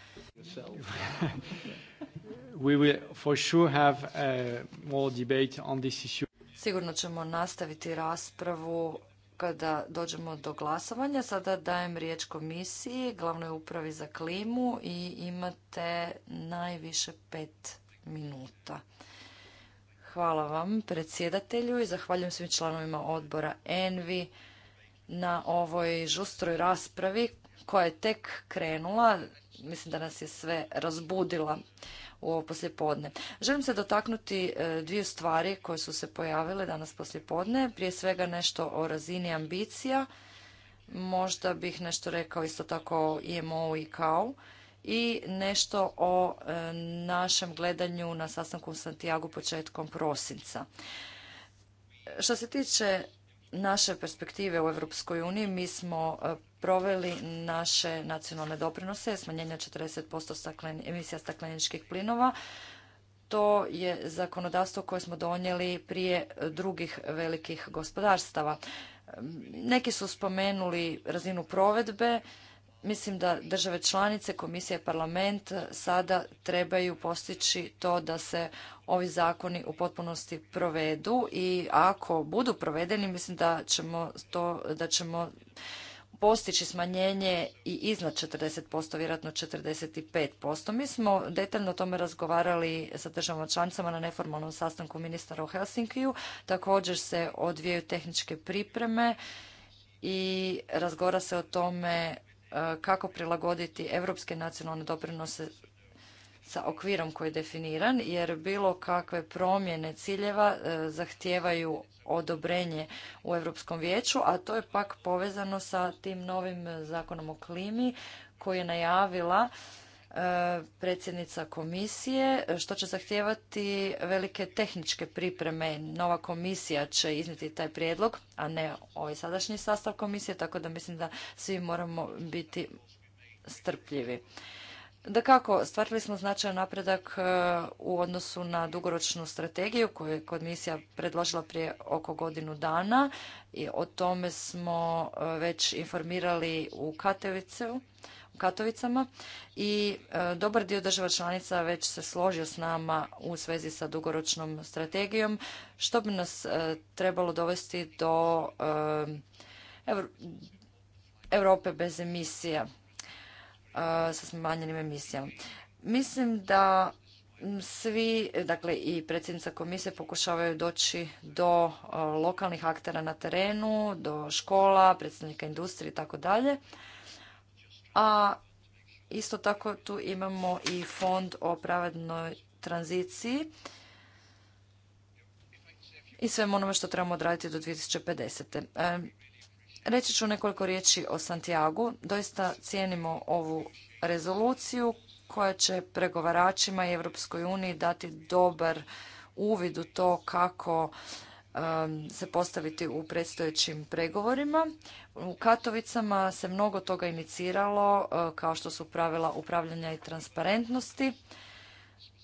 Sigurno ćemo nastaviti raspravu kada dođemo do glasovanja. Sada dajem riječ komisiji, glavnoj upravi za klimu i imate najviše pet minuta. Hvala vam predsjedatelju i zahvaljujem svim članovima odbora ENVI na ovoj žustroj raspravi koja je tek krenula. Mislim da nas je sve razbudila u ovo poslijepodne. Želim se dotaknuti e, dvije stvari koje su se pojavile danas poslijepodne. Prije svega nešto o razini ambicija. Možda bih nešto rekao isto tako o IMO i kao i nešto o e, našem gledanju na sastanku u Santiago početkom prosinca. Što se tiče naše perspektive u Europskoj uniji mi smo e, proveli naše nacionalne doprinose smanjenja 40% staklen, emisija stakleničkih plinova. To je zakonodavstvo koje smo donijeli prije drugih velikih gospodarstava. Neki su spomenuli razinu provedbe, Mislim da države članice, komisija i parlament sada trebaju postići to da se ovi zakoni u potpunosti provedu i ako budu provedeni mislim da ćemo to, da postići smanjenje i iznad 40%, vjerojatno 45%. Mi smo detaljno o tome razgovarali sa državama članicama na neformalnom sastanku ministara u Helsinkiju. Također se odvijaju tehničke pripreme i razgovara se o tome E, kako prilagoditi europske nacionalne doprinose sa okvirom koji je definiran, jer bilo kakve promjene ciljeva e, zahtijevaju odobrenje u Europskom vijeću, a to je pak povezano sa tim novim zakonom o klimi koji je najavila predsjednica komisije, što će zahtijevati velike tehničke pripreme. Nova komisija će iznijeti taj prijedlog, a ne ovaj sadašnji sastav komisije, tako da mislim da svi moramo biti strpljivi. Da kako, stvarili smo značajan napredak e, u odnosu na dugoročnu strategiju koju je komisija predložila prije oko godinu dana i o tome smo e, već informirali u Katevicu. Katovicama i e, dobar dio država članica već se složio s nama u svezi sa dugoročnom strategijom, što bi nas e, trebalo dovesti do e, Europe bez emisija, sa smanjenim emisijama. Mislim da svi, dakle i predsjednica komisije pokušavaju doći do lokalnih aktera na terenu, do škola, predsjednika industrije i tako dalje a isto tako tu imamo i fond o pravednoj tranziciji i svemu onome što trebamo odraditi do 2050. E, reći ću nekoliko riječi o Santiago. Doista cijenimo ovu rezoluciju koja će pregovaračima i Europskoj uniji dati dobar uvid u to kako Um, se postaviti u predstojećim pregovorima. U Katovicama se mnogo toga iniciralo, uh, kao što su pravila upravljanja i transparentnosti.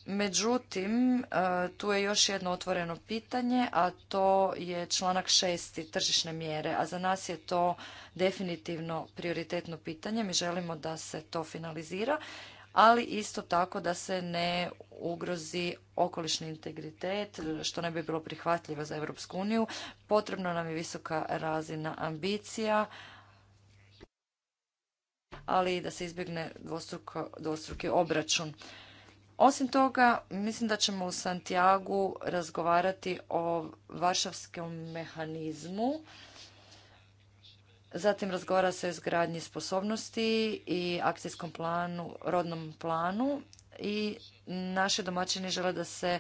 Međutim, uh, tu je još jedno otvoreno pitanje, a to je članak šesti tržišne mjere, a za nas je to definitivno prioritetno pitanje. Mi želimo da se to finalizira ali isto tako da se ne ugrozi okolišni integritet, što ne bi bilo prihvatljivo za Europsku uniju. Potrebna nam je visoka razina ambicija, ali i da se izbjegne dvostruki obračun. Osim toga, mislim da ćemo u Santiagu razgovarati o varšavskom mehanizmu Zatim razgovara se o izgradnji sposobnosti i akcijskom planu, rodnom planu i naše domaćini žele da se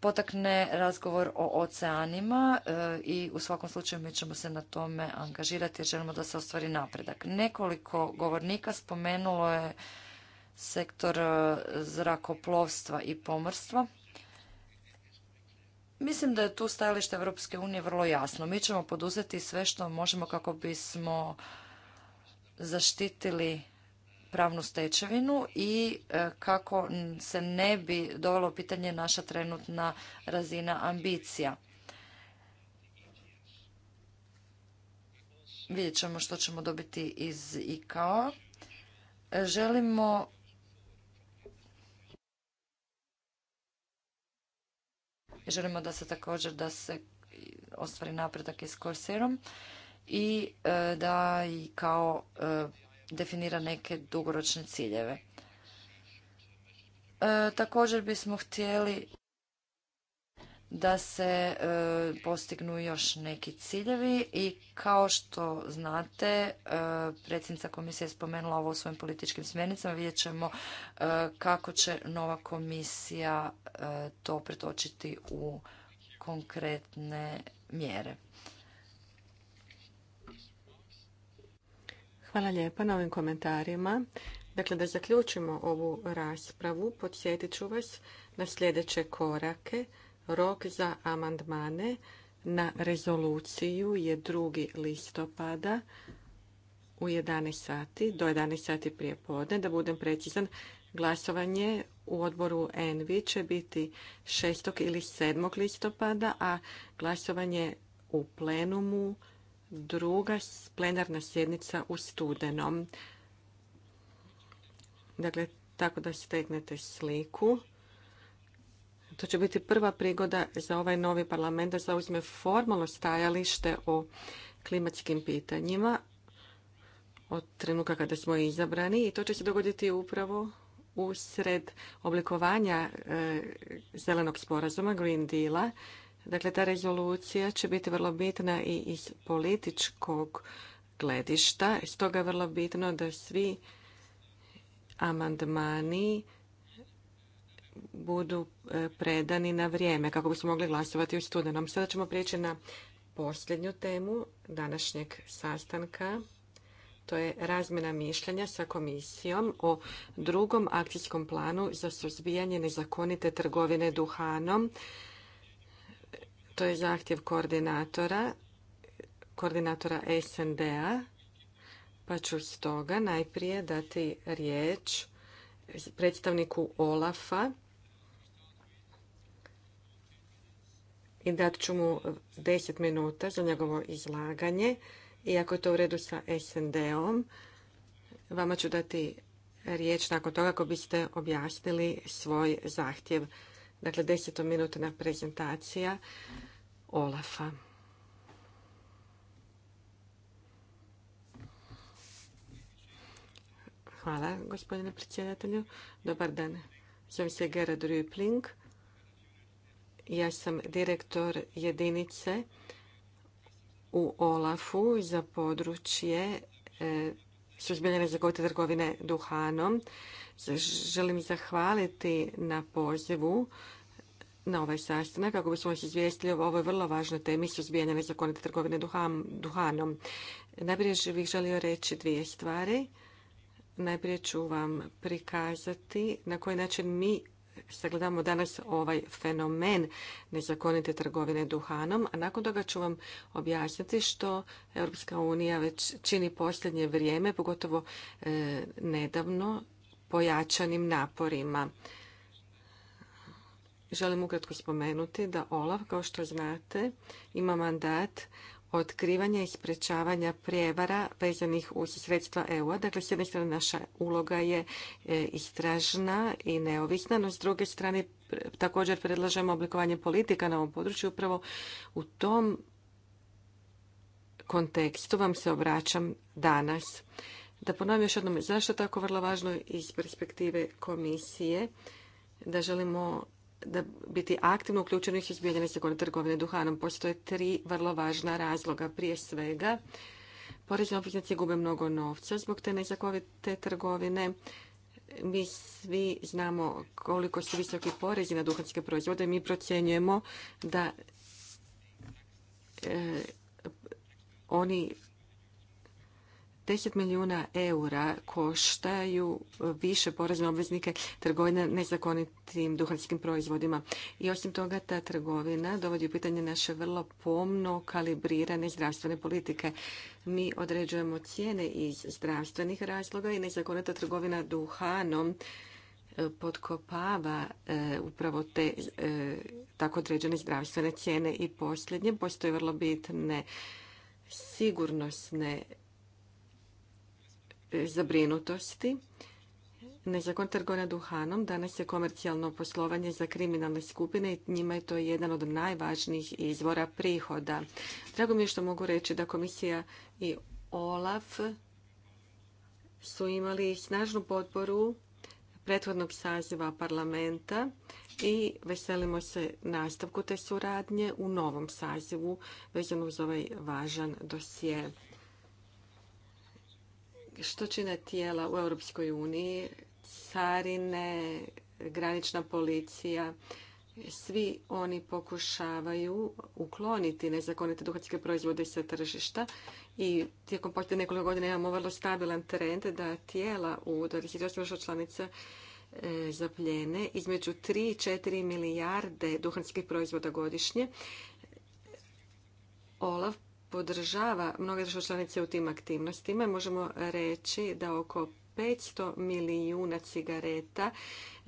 potakne razgovor o oceanima e, i u svakom slučaju mi ćemo se na tome angažirati jer želimo da se ostvari napredak. Nekoliko govornika spomenulo je sektor e, zrakoplovstva i pomorstva. Mislim da je tu stajalište Europske unije vrlo jasno. Mi ćemo poduzeti sve što možemo kako bismo zaštitili pravnu stečevinu i e, kako se ne bi dovelo pitanje naša trenutna razina ambicija. Vidjet ćemo što ćemo dobiti iz IKO. Želimo Želimo da se također da se ostvari napredak i s Corsairom i e, da i kao e, definira neke dugoročne ciljeve. E, također bismo htjeli da se e, postignu još neki ciljevi i kao što znate e, predsjednica komisije je spomenula ovo u svojim političkim smjernicama vidjet ćemo e, kako će nova komisija to pretočiti u konkretne mjere hvala lijepa na ovim komentarima Dakle, da zaključimo ovu raspravu, podsjetit ću vas na sljedeće korake. Rok za amandmane na rezoluciju je 2. listopada u 11 sati, do 11 sati prije podne, da budem precizan, glasovanje u odboru ENVI će biti 6. ili 7. listopada, a glasovanje u plenumu druga plenarna sjednica u studenom. Dakle, tako da steknete sliku. To će biti prva prigoda za ovaj novi parlament da zauzme formalno stajalište o klimatskim pitanjima od trenutka kada smo izabrani i to će se dogoditi upravo usred oblikovanja e, zelenog sporazuma, Green Deala. Dakle, ta rezolucija će biti vrlo bitna i iz političkog gledišta. Stoga je vrlo bitno da svi amandmani budu e, predani na vrijeme kako bismo mogli glasovati u studenom. Sada ćemo prijeći na posljednju temu današnjeg sastanka. To je razmjena mišljenja sa komisijom o drugom akcijskom planu za suzbijanje nezakonite trgovine duhanom. To je zahtjev koordinatora, koordinatora SND-a. Pa ću stoga najprije dati riječ predstavniku Olafa i dat ću mu 10 minuta za njegovo izlaganje. Iako je to u redu sa SND-om, vama ću dati riječ nakon toga kako biste objasnili svoj zahtjev. Dakle, 10 na prezentacija Olafa. Hvala, gospodine predsjedatelju. Dobar dan. Zovem se Gerard Rüpling. Ja sam direktor jedinice u OLAFu za područje e, suzbijanja nezakonite trgovine duhanom. Želim zahvaliti na pozivu na ovaj sastanak kako bismo vas izvijestili o ovoj vrlo važnoj temi suzbijanja nezakonite trgovine duhanom. Najprije bih želio reći dvije stvari. Najprije ću vam prikazati na koji način mi sagledamo danas ovaj fenomen nezakonite trgovine duhanom, a nakon toga ću vam objasniti što Europska unija već čini posljednje vrijeme, pogotovo e, nedavno, pojačanim naporima. Želim ukratko spomenuti da OLAF, kao što znate, ima mandat otkrivanja i sprečavanja prijevara vezanih uz sredstva EU-a. Dakle, s jedne strane naša uloga je e, istražna i neovisna, no s druge strane također predlažemo oblikovanje politika na ovom području. Upravo u tom kontekstu vam se obraćam danas. Da ponovim još jednom, zašto je tako vrlo važno iz perspektive komisije da želimo da biti aktivno uključeni u suzbijanje nezakonite trgovine duhanom. Postoje tri vrlo važna razloga. Prije svega, porezni obveznici gube mnogo novca zbog te nezakovite trgovine. Mi svi znamo koliko su visoki porezi na duhanske proizvode. Mi procjenjujemo da e, oni 10 milijuna eura koštaju više porezne obveznike trgovine nezakonitim duhanskim proizvodima. I osim toga ta trgovina dovodi u pitanje naše vrlo pomno kalibrirane zdravstvene politike. Mi određujemo cijene iz zdravstvenih razloga i nezakonita trgovina duhanom e, potkopava e, upravo te e, tako određene zdravstvene cijene. I posljednje, postoje vrlo bitne sigurnosne zabrinutosti. nezakon trgovina duhanom danas je komercijalno poslovanje za kriminalne skupine i njima je to jedan od najvažnijih izvora prihoda. Drago mi je što mogu reći da komisija i OLAF su imali snažnu potporu prethodnog saziva parlamenta i veselimo se nastavku te suradnje u novom sazivu vezano uz ovaj važan dosje što čine tijela u Europskoj uniji, carine, granična policija, svi oni pokušavaju ukloniti nezakonite duhanske proizvode sa tržišta i tijekom početne nekoliko godina imamo vrlo stabilan trend da tijela u 28 članica e, zapljene između 3 i 4 milijarde duhanskih proizvoda godišnje. Olaf podržava mnoge države članice u tim aktivnostima. Možemo reći da oko 500 milijuna cigareta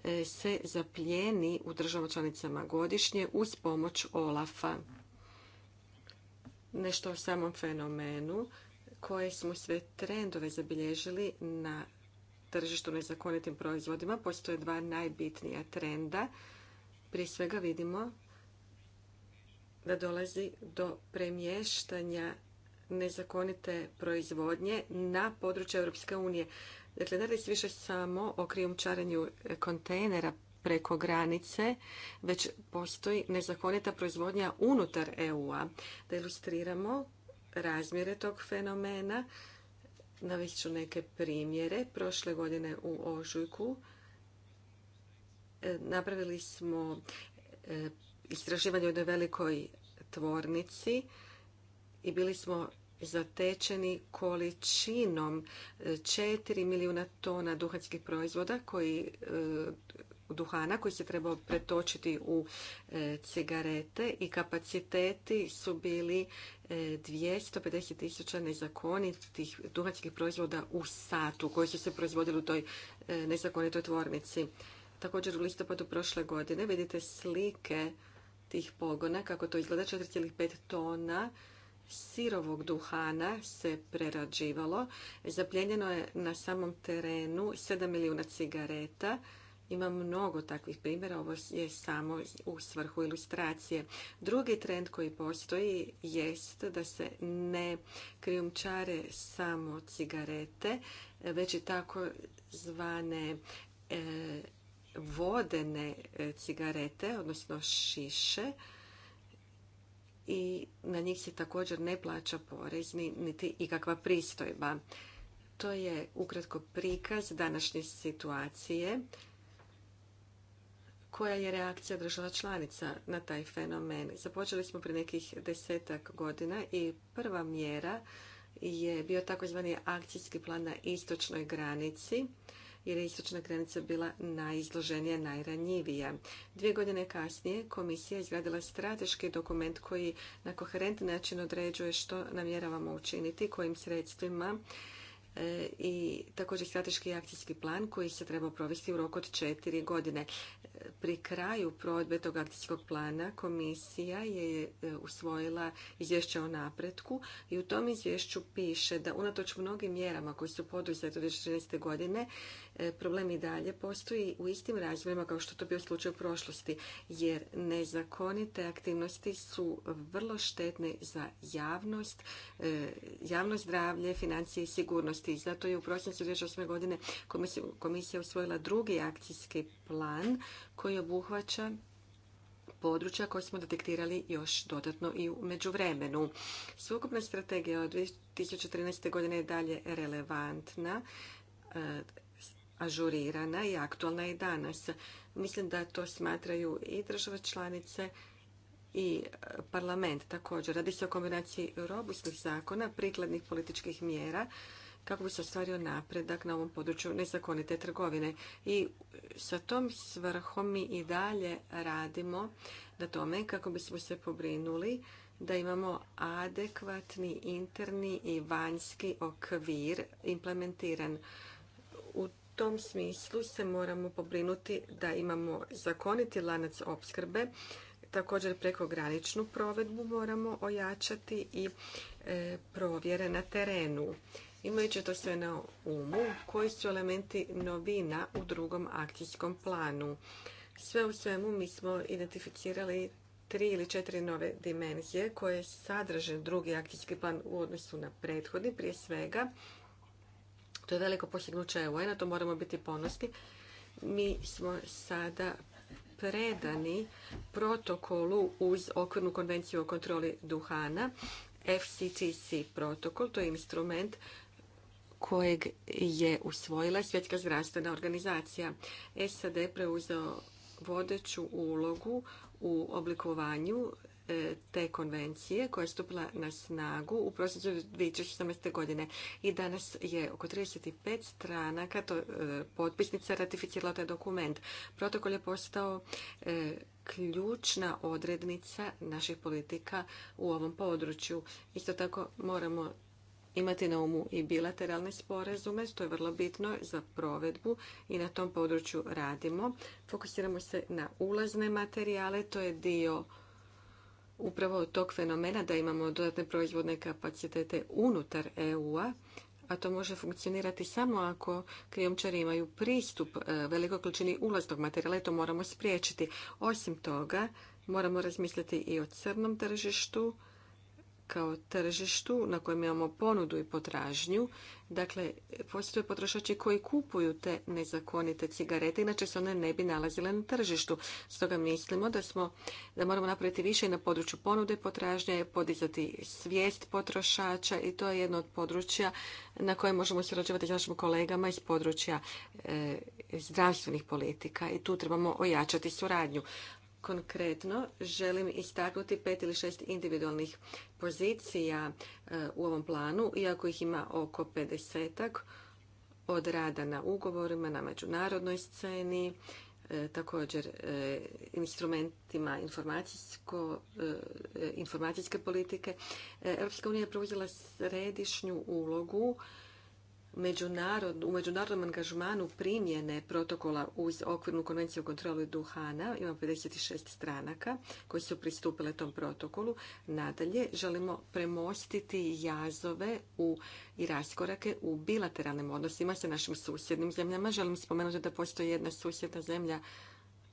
e, se zapljeni u državama članicama godišnje uz pomoć Olafa. Nešto o samom fenomenu koje smo sve trendove zabilježili na tržištu nezakonitim proizvodima. Postoje dva najbitnija trenda. Prije svega vidimo da dolazi do premještanja nezakonite proizvodnje na područje Europske unije. Dakle, ne radi se više samo o krijumčarenju kontejnera preko granice, već postoji nezakonita proizvodnja unutar EU-a. Da ilustriramo razmjere tog fenomena, navest ću neke primjere. Prošle godine u Ožujku e, napravili smo e, istraživanje u jednoj velikoj tvornici i bili smo zatečeni količinom 4 milijuna tona duhanskih proizvoda koji e, duhana koji se trebao pretočiti u e, cigarete i kapaciteti su bili 250 e, tisuća nezakonitih duhanskih proizvoda u satu koji su se proizvodili u toj nezakonitoj tvornici. Također u listopadu prošle godine vidite slike tih pogona, kako to izgleda, 4,5 tona sirovog duhana se prerađivalo. Zapljenjeno je na samom terenu 7 milijuna cigareta. Ima mnogo takvih primjera, ovo je samo u svrhu ilustracije. Drugi trend koji postoji jest da se ne krijumčare samo cigarete, već i tako zvane e, vodene e, cigarete, odnosno šiše, i na njih se također ne plaća porez niti ikakva pristojba. To je ukratko prikaz današnje situacije koja je reakcija država članica na taj fenomen. Započeli smo prije nekih desetak godina i prva mjera je bio takozvani akcijski plan na istočnoj granici jer je istočna granica bila najizloženija, najranjivija. Dvije godine kasnije komisija izgradila strateški dokument koji na koherentni način određuje što namjeravamo učiniti, kojim sredstvima E, i također strateški akcijski plan koji se treba provesti u roku od četiri godine. E, pri kraju provedbe tog akcijskog plana komisija je e, usvojila izvješće o napretku i u tom izvješću piše da unatoč mnogim mjerama koje su poduzete od 2016. godine problem i dalje postoji u istim razvojima kao što to bio slučaj u prošlosti jer nezakonite aktivnosti su vrlo štetne za javnost, javno zdravlje, financije i sigurnost zato je u prosincu 2008. godine komisija usvojila drugi akcijski plan koji obuhvaća područja koje smo detektirali još dodatno i u međuvremenu. Sveukupna strategija od 2013. godine je dalje relevantna, e, ažurirana i aktualna i danas. Mislim da to smatraju i države članice i e, parlament također. Radi se o kombinaciji robustnih zakona, prikladnih političkih mjera kako bi se ostvario napredak na ovom području nezakonite trgovine. I sa tom svrhom mi i dalje radimo na tome kako bismo se pobrinuli da imamo adekvatni interni i vanjski okvir implementiran. U tom smislu se moramo pobrinuti da imamo zakoniti lanac opskrbe, također prekograničnu provedbu moramo ojačati i e, provjere na terenu. Imajući to sve na umu, koji su elementi novina u drugom akcijskom planu? Sve u svemu mi smo identificirali tri ili četiri nove dimenzije koje sadrže drugi akcijski plan u odnosu na prethodni. Prije svega, to je veliko postignuće EU, na to moramo biti ponosni. Mi smo sada predani protokolu uz okvirnu konvenciju o kontroli duhana, FCTC protokol, to je instrument kojeg je usvojila Svjetska zdravstvena organizacija. SAD je preuzeo vodeću ulogu u oblikovanju e, te konvencije koja je stupila na snagu u prosincu 2016. godine i danas je oko 35 stranaka to, e, potpisnica ratificirala taj dokument. Protokol je postao e, ključna odrednica naših politika u ovom području. Isto tako moramo imati na umu i bilateralne sporazume, što je vrlo bitno za provedbu i na tom području radimo. Fokusiramo se na ulazne materijale, to je dio upravo tog fenomena da imamo dodatne proizvodne kapacitete unutar EU-a, a to može funkcionirati samo ako krijumčari imaju pristup e, velikoj količini ulaznog materijala i to moramo spriječiti. Osim toga, moramo razmisliti i o crnom tržištu, kao tržištu na kojem imamo ponudu i potražnju. Dakle, postoje potrošači koji kupuju te nezakonite cigarete, inače se one ne bi nalazile na tržištu. Stoga mislimo da, smo, da moramo napraviti više na području ponude i potražnje, podizati svijest potrošača i to je jedno od područja na koje možemo surađivati s našim kolegama iz područja e, zdravstvenih politika i tu trebamo ojačati suradnju. Konkretno želim istaknuti pet ili šest individualnih pozicija e, u ovom planu, iako ih ima oko 50 od rada na ugovorima, na međunarodnoj sceni, e, također e, instrumentima informacijske politike. Europska unija je preuzela središnju ulogu u međunarodnom angažmanu primjene protokola uz okvirnu konvenciju o kontroli duhana. Imamo 56 stranaka koji su pristupile tom protokolu. Nadalje, želimo premostiti jazove u, i raskorake u bilateralnim odnosima sa našim susjednim zemljama. Želim spomenuti da postoji jedna susjedna zemlja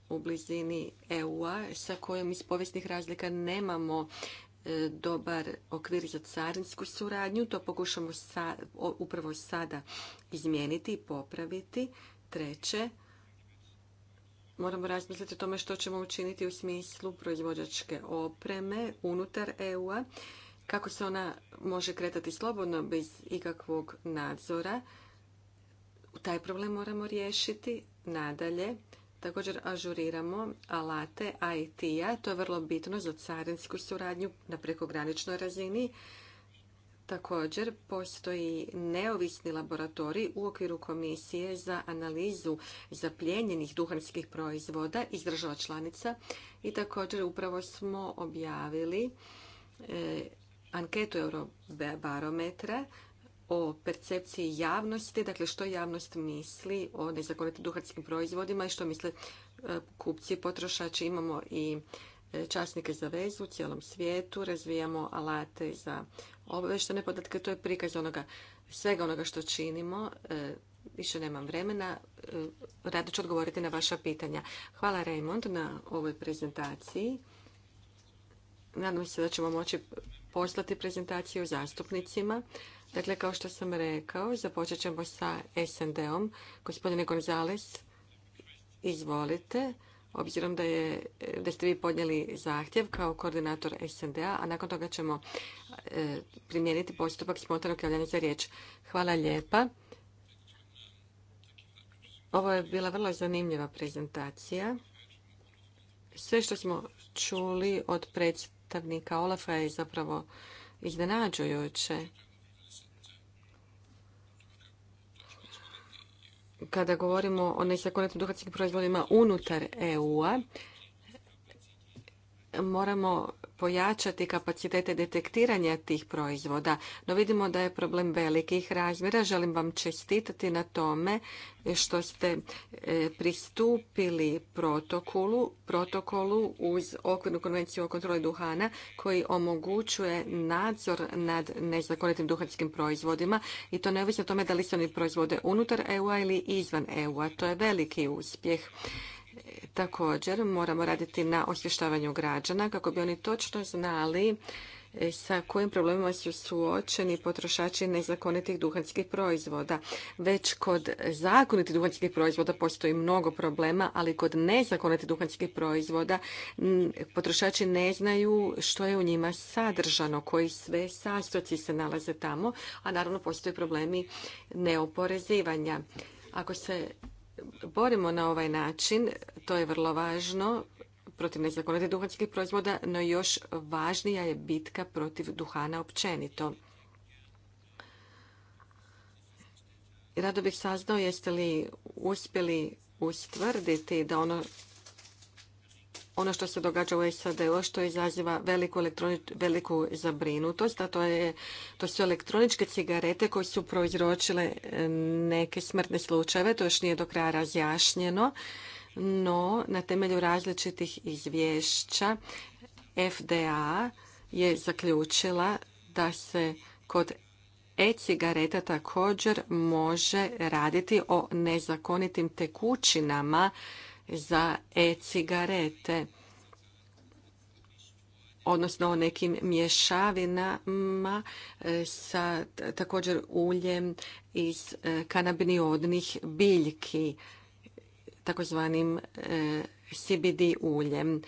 u blizini EU-a sa kojom iz povijesnih razlika nemamo E, dobar okvir za carinsku suradnju. To pokušamo upravo sada izmijeniti i popraviti. Treće, moramo razmisliti o tome što ćemo učiniti u smislu proizvođačke opreme unutar EU-a, kako se ona može kretati slobodno bez ikakvog nadzora. Taj problem moramo riješiti. Nadalje, Također ažuriramo alate IT-a, to je vrlo bitno za carinsku suradnju na prekograničnoj razini. Također postoji neovisni laboratorij u okviru komisije za analizu zapljenjenih duhanskih proizvoda iz država članica i također upravo smo objavili e, anketu Eurobarometra o percepciji javnosti, dakle što javnost misli o nezakonitim duhanskim proizvodima i što misle e, kupci potrošači. Imamo i e, časnike za vezu u cijelom svijetu, razvijamo alate za obaveštene podatke, to je prikaz onoga, svega onoga što činimo. E, više nemam vremena, rado ću odgovoriti na vaša pitanja. Hvala Raymond na ovoj prezentaciji. Nadam se da ćemo moći poslati prezentaciju zastupnicima. Dakle, kao što sam rekao, započet ćemo sa SND-om. Gospodine Gonzales, izvolite, obzirom da, je, da ste vi podnijeli zahtjev kao koordinator SND-a, a nakon toga ćemo e, primijeniti postupak spontanog javljanja za riječ. Hvala lijepa. Ovo je bila vrlo zanimljiva prezentacija. Sve što smo čuli od predstavnika Olafa je zapravo iznenađujuće. kada govorimo o nezakonitim duhanskim proizvodima unutar EU-a, moramo pojačati kapacitete detektiranja tih proizvoda, no vidimo da je problem velikih razmjera. Želim vam čestitati na tome što ste e, pristupili protokolu, protokolu uz okvirnu konvenciju o kontroli duhana koji omogućuje nadzor nad nezakonitim duhanskim proizvodima i to neovisno o tome da li se oni proizvode unutar EU-a ili izvan EU-a. To je veliki uspjeh. Također moramo raditi na osvještavanju građana kako bi oni točno znali e, sa kojim problemima su suočeni potrošači nezakonitih duhanskih proizvoda. Već kod zakonitih duhanskih proizvoda postoji mnogo problema, ali kod nezakonitih duhanskih proizvoda potrošači ne znaju što je u njima sadržano, koji sve sastoci se nalaze tamo, a naravno postoje problemi neoporezivanja. Ako se borimo na ovaj način, to je vrlo važno, protiv nezakonite duhanskih proizvoda, no još važnija je bitka protiv duhana općenito. Rado bih saznao jeste li uspjeli ustvrditi da ono ono što se događa u SAD-u, što izaziva veliku, veliku zabrinutost, a to, je, to su elektroničke cigarete koje su proizročile e, neke smrtne slučajeve, to još nije do kraja razjašnjeno, no na temelju različitih izvješća FDA je zaključila da se kod e-cigareta također može raditi o nezakonitim tekućinama za e-cigarete, odnosno o nekim mješavinama e, sa također uljem iz e, kanabiniodnih biljki, takozvanim e, CBD uljem.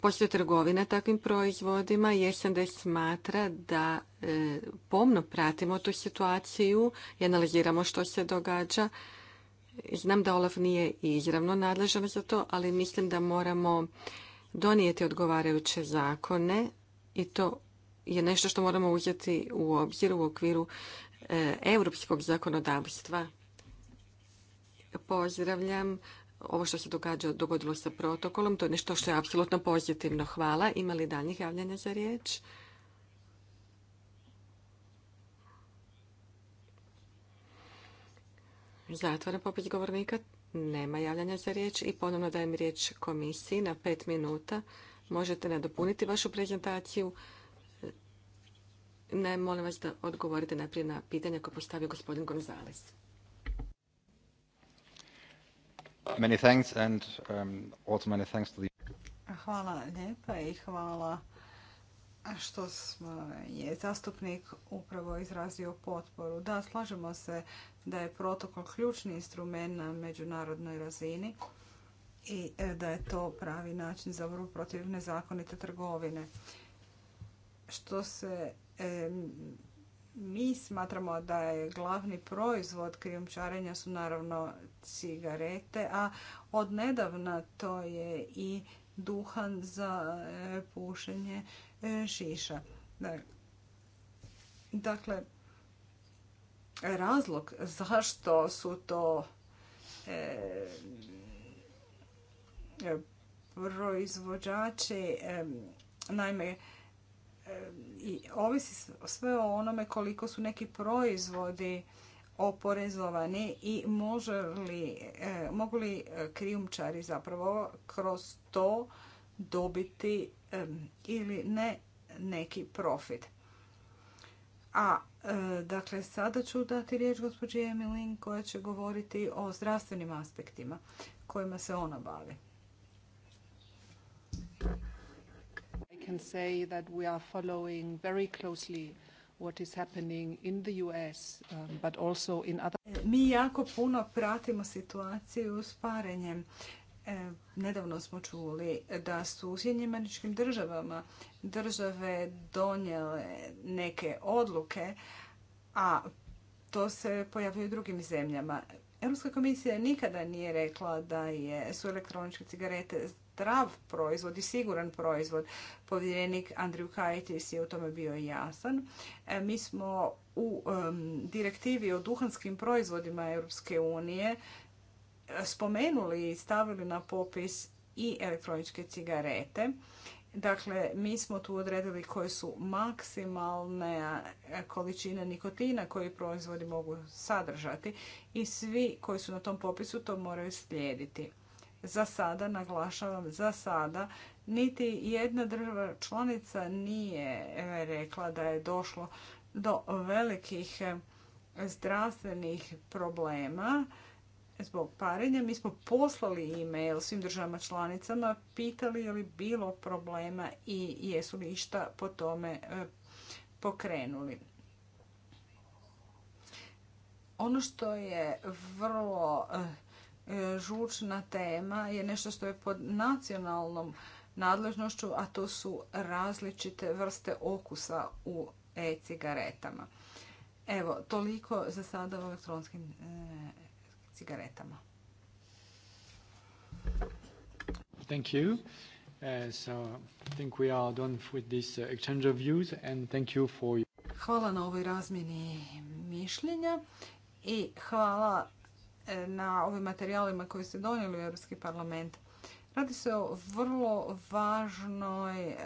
Poslije trgovina takvim proizvodima i SND smatra da pomno pratimo tu situaciju i analiziramo što se događa. Znam da Olaf nije izravno nadležan za to, ali mislim da moramo donijeti odgovarajuće zakone i to je nešto što moramo uzeti u obzir u okviru e, europskog zakonodavstva. Pozdravljam ovo što se događa, dogodilo sa protokolom. To je nešto što je apsolutno pozitivno. Hvala. Ima li daljnjih javljanja za riječ? Zatvaram popis govornika. Nema javljanja za riječ i ponovno dajem riječ komisiji na pet minuta. Možete nadopuniti vašu prezentaciju. Ne, molim vas da odgovorite najprije na pitanje koje postavio gospodin Gonzales. Many thanks and um, also many Hvala lijepa i hvala što je zastupnik upravo izrazio potporu. Da, slažemo se da je protokol ključni instrument na međunarodnoj razini i e, da je to pravi način za borbu protiv nezakonite trgovine. Što se e, mi smatramo da je glavni proizvod krijumčarenja su naravno cigarete, a od nedavna to je i duhan za e, pušenje e, šiša. Dakle, razlog zašto su to e, e, proizvođači e, naime i ovisi sve o onome koliko su neki proizvodi oporezovani i mogu li krijumčari zapravo kroz to dobiti ili ne neki profit. A e, dakle, sada ću dati riječ gospođi Emilin koja će govoriti o zdravstvenim aspektima kojima se ona bavi. I can say that we are following very closely what is happening in the US, um, but also in other... E, mi jako puno pratimo situaciju s parenjem. E, nedavno smo čuli da su u Sjedinjim američkim državama države donijele neke odluke, a to se pojavljuje u drugim zemljama. Europska komisija nikada nije rekla da je, su elektroničke cigarete zdrav proizvod i siguran proizvod. Povjerenik Andriju Kajtis je u tome bio jasan. E, mi smo u direktivi o duhanskim proizvodima Europske unije spomenuli i stavili na popis i elektroničke cigarete. Dakle, mi smo tu odredili koje su maksimalne količine nikotina koje proizvodi mogu sadržati i svi koji su na tom popisu to moraju slijediti. Za sada, naglašavam, za sada niti jedna država članica nije e, rekla da je došlo do velikih e, zdravstvenih problema zbog parenja. Mi smo poslali e-mail svim državama članicama, pitali je li bilo problema i jesu li išta po tome e, pokrenuli. Ono što je vrlo e, e, žučna tema je nešto što je pod nacionalnom nadležnošću, a to su različite vrste okusa u e-cigaretama. Evo, toliko za sada u elektronskim cigaretama. Thank you. Uh, so I think we are done with this uh, exchange of views and thank you for Hvala na ovoj razmjeni mišljenja i hvala e, na ovim materijalima koji ste donijeli u Europski parlament. Radi se o vrlo važnoj e,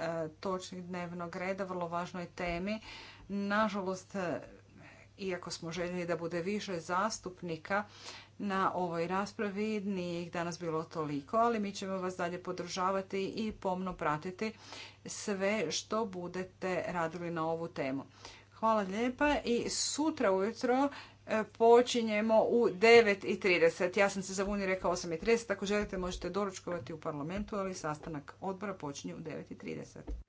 točki dnevnog reda, vrlo važnoj temi. Nažalost, e, iako smo željeli da bude više zastupnika, na ovoj raspravi. Nije ih danas bilo toliko, ali mi ćemo vas dalje podržavati i pomno pratiti sve što budete radili na ovu temu. Hvala lijepa i sutra ujutro e, počinjemo u 9.30. Ja sam se za Vuni rekao 8.30. Ako želite možete doručkovati u parlamentu, ali sastanak odbora počinje u 9.30.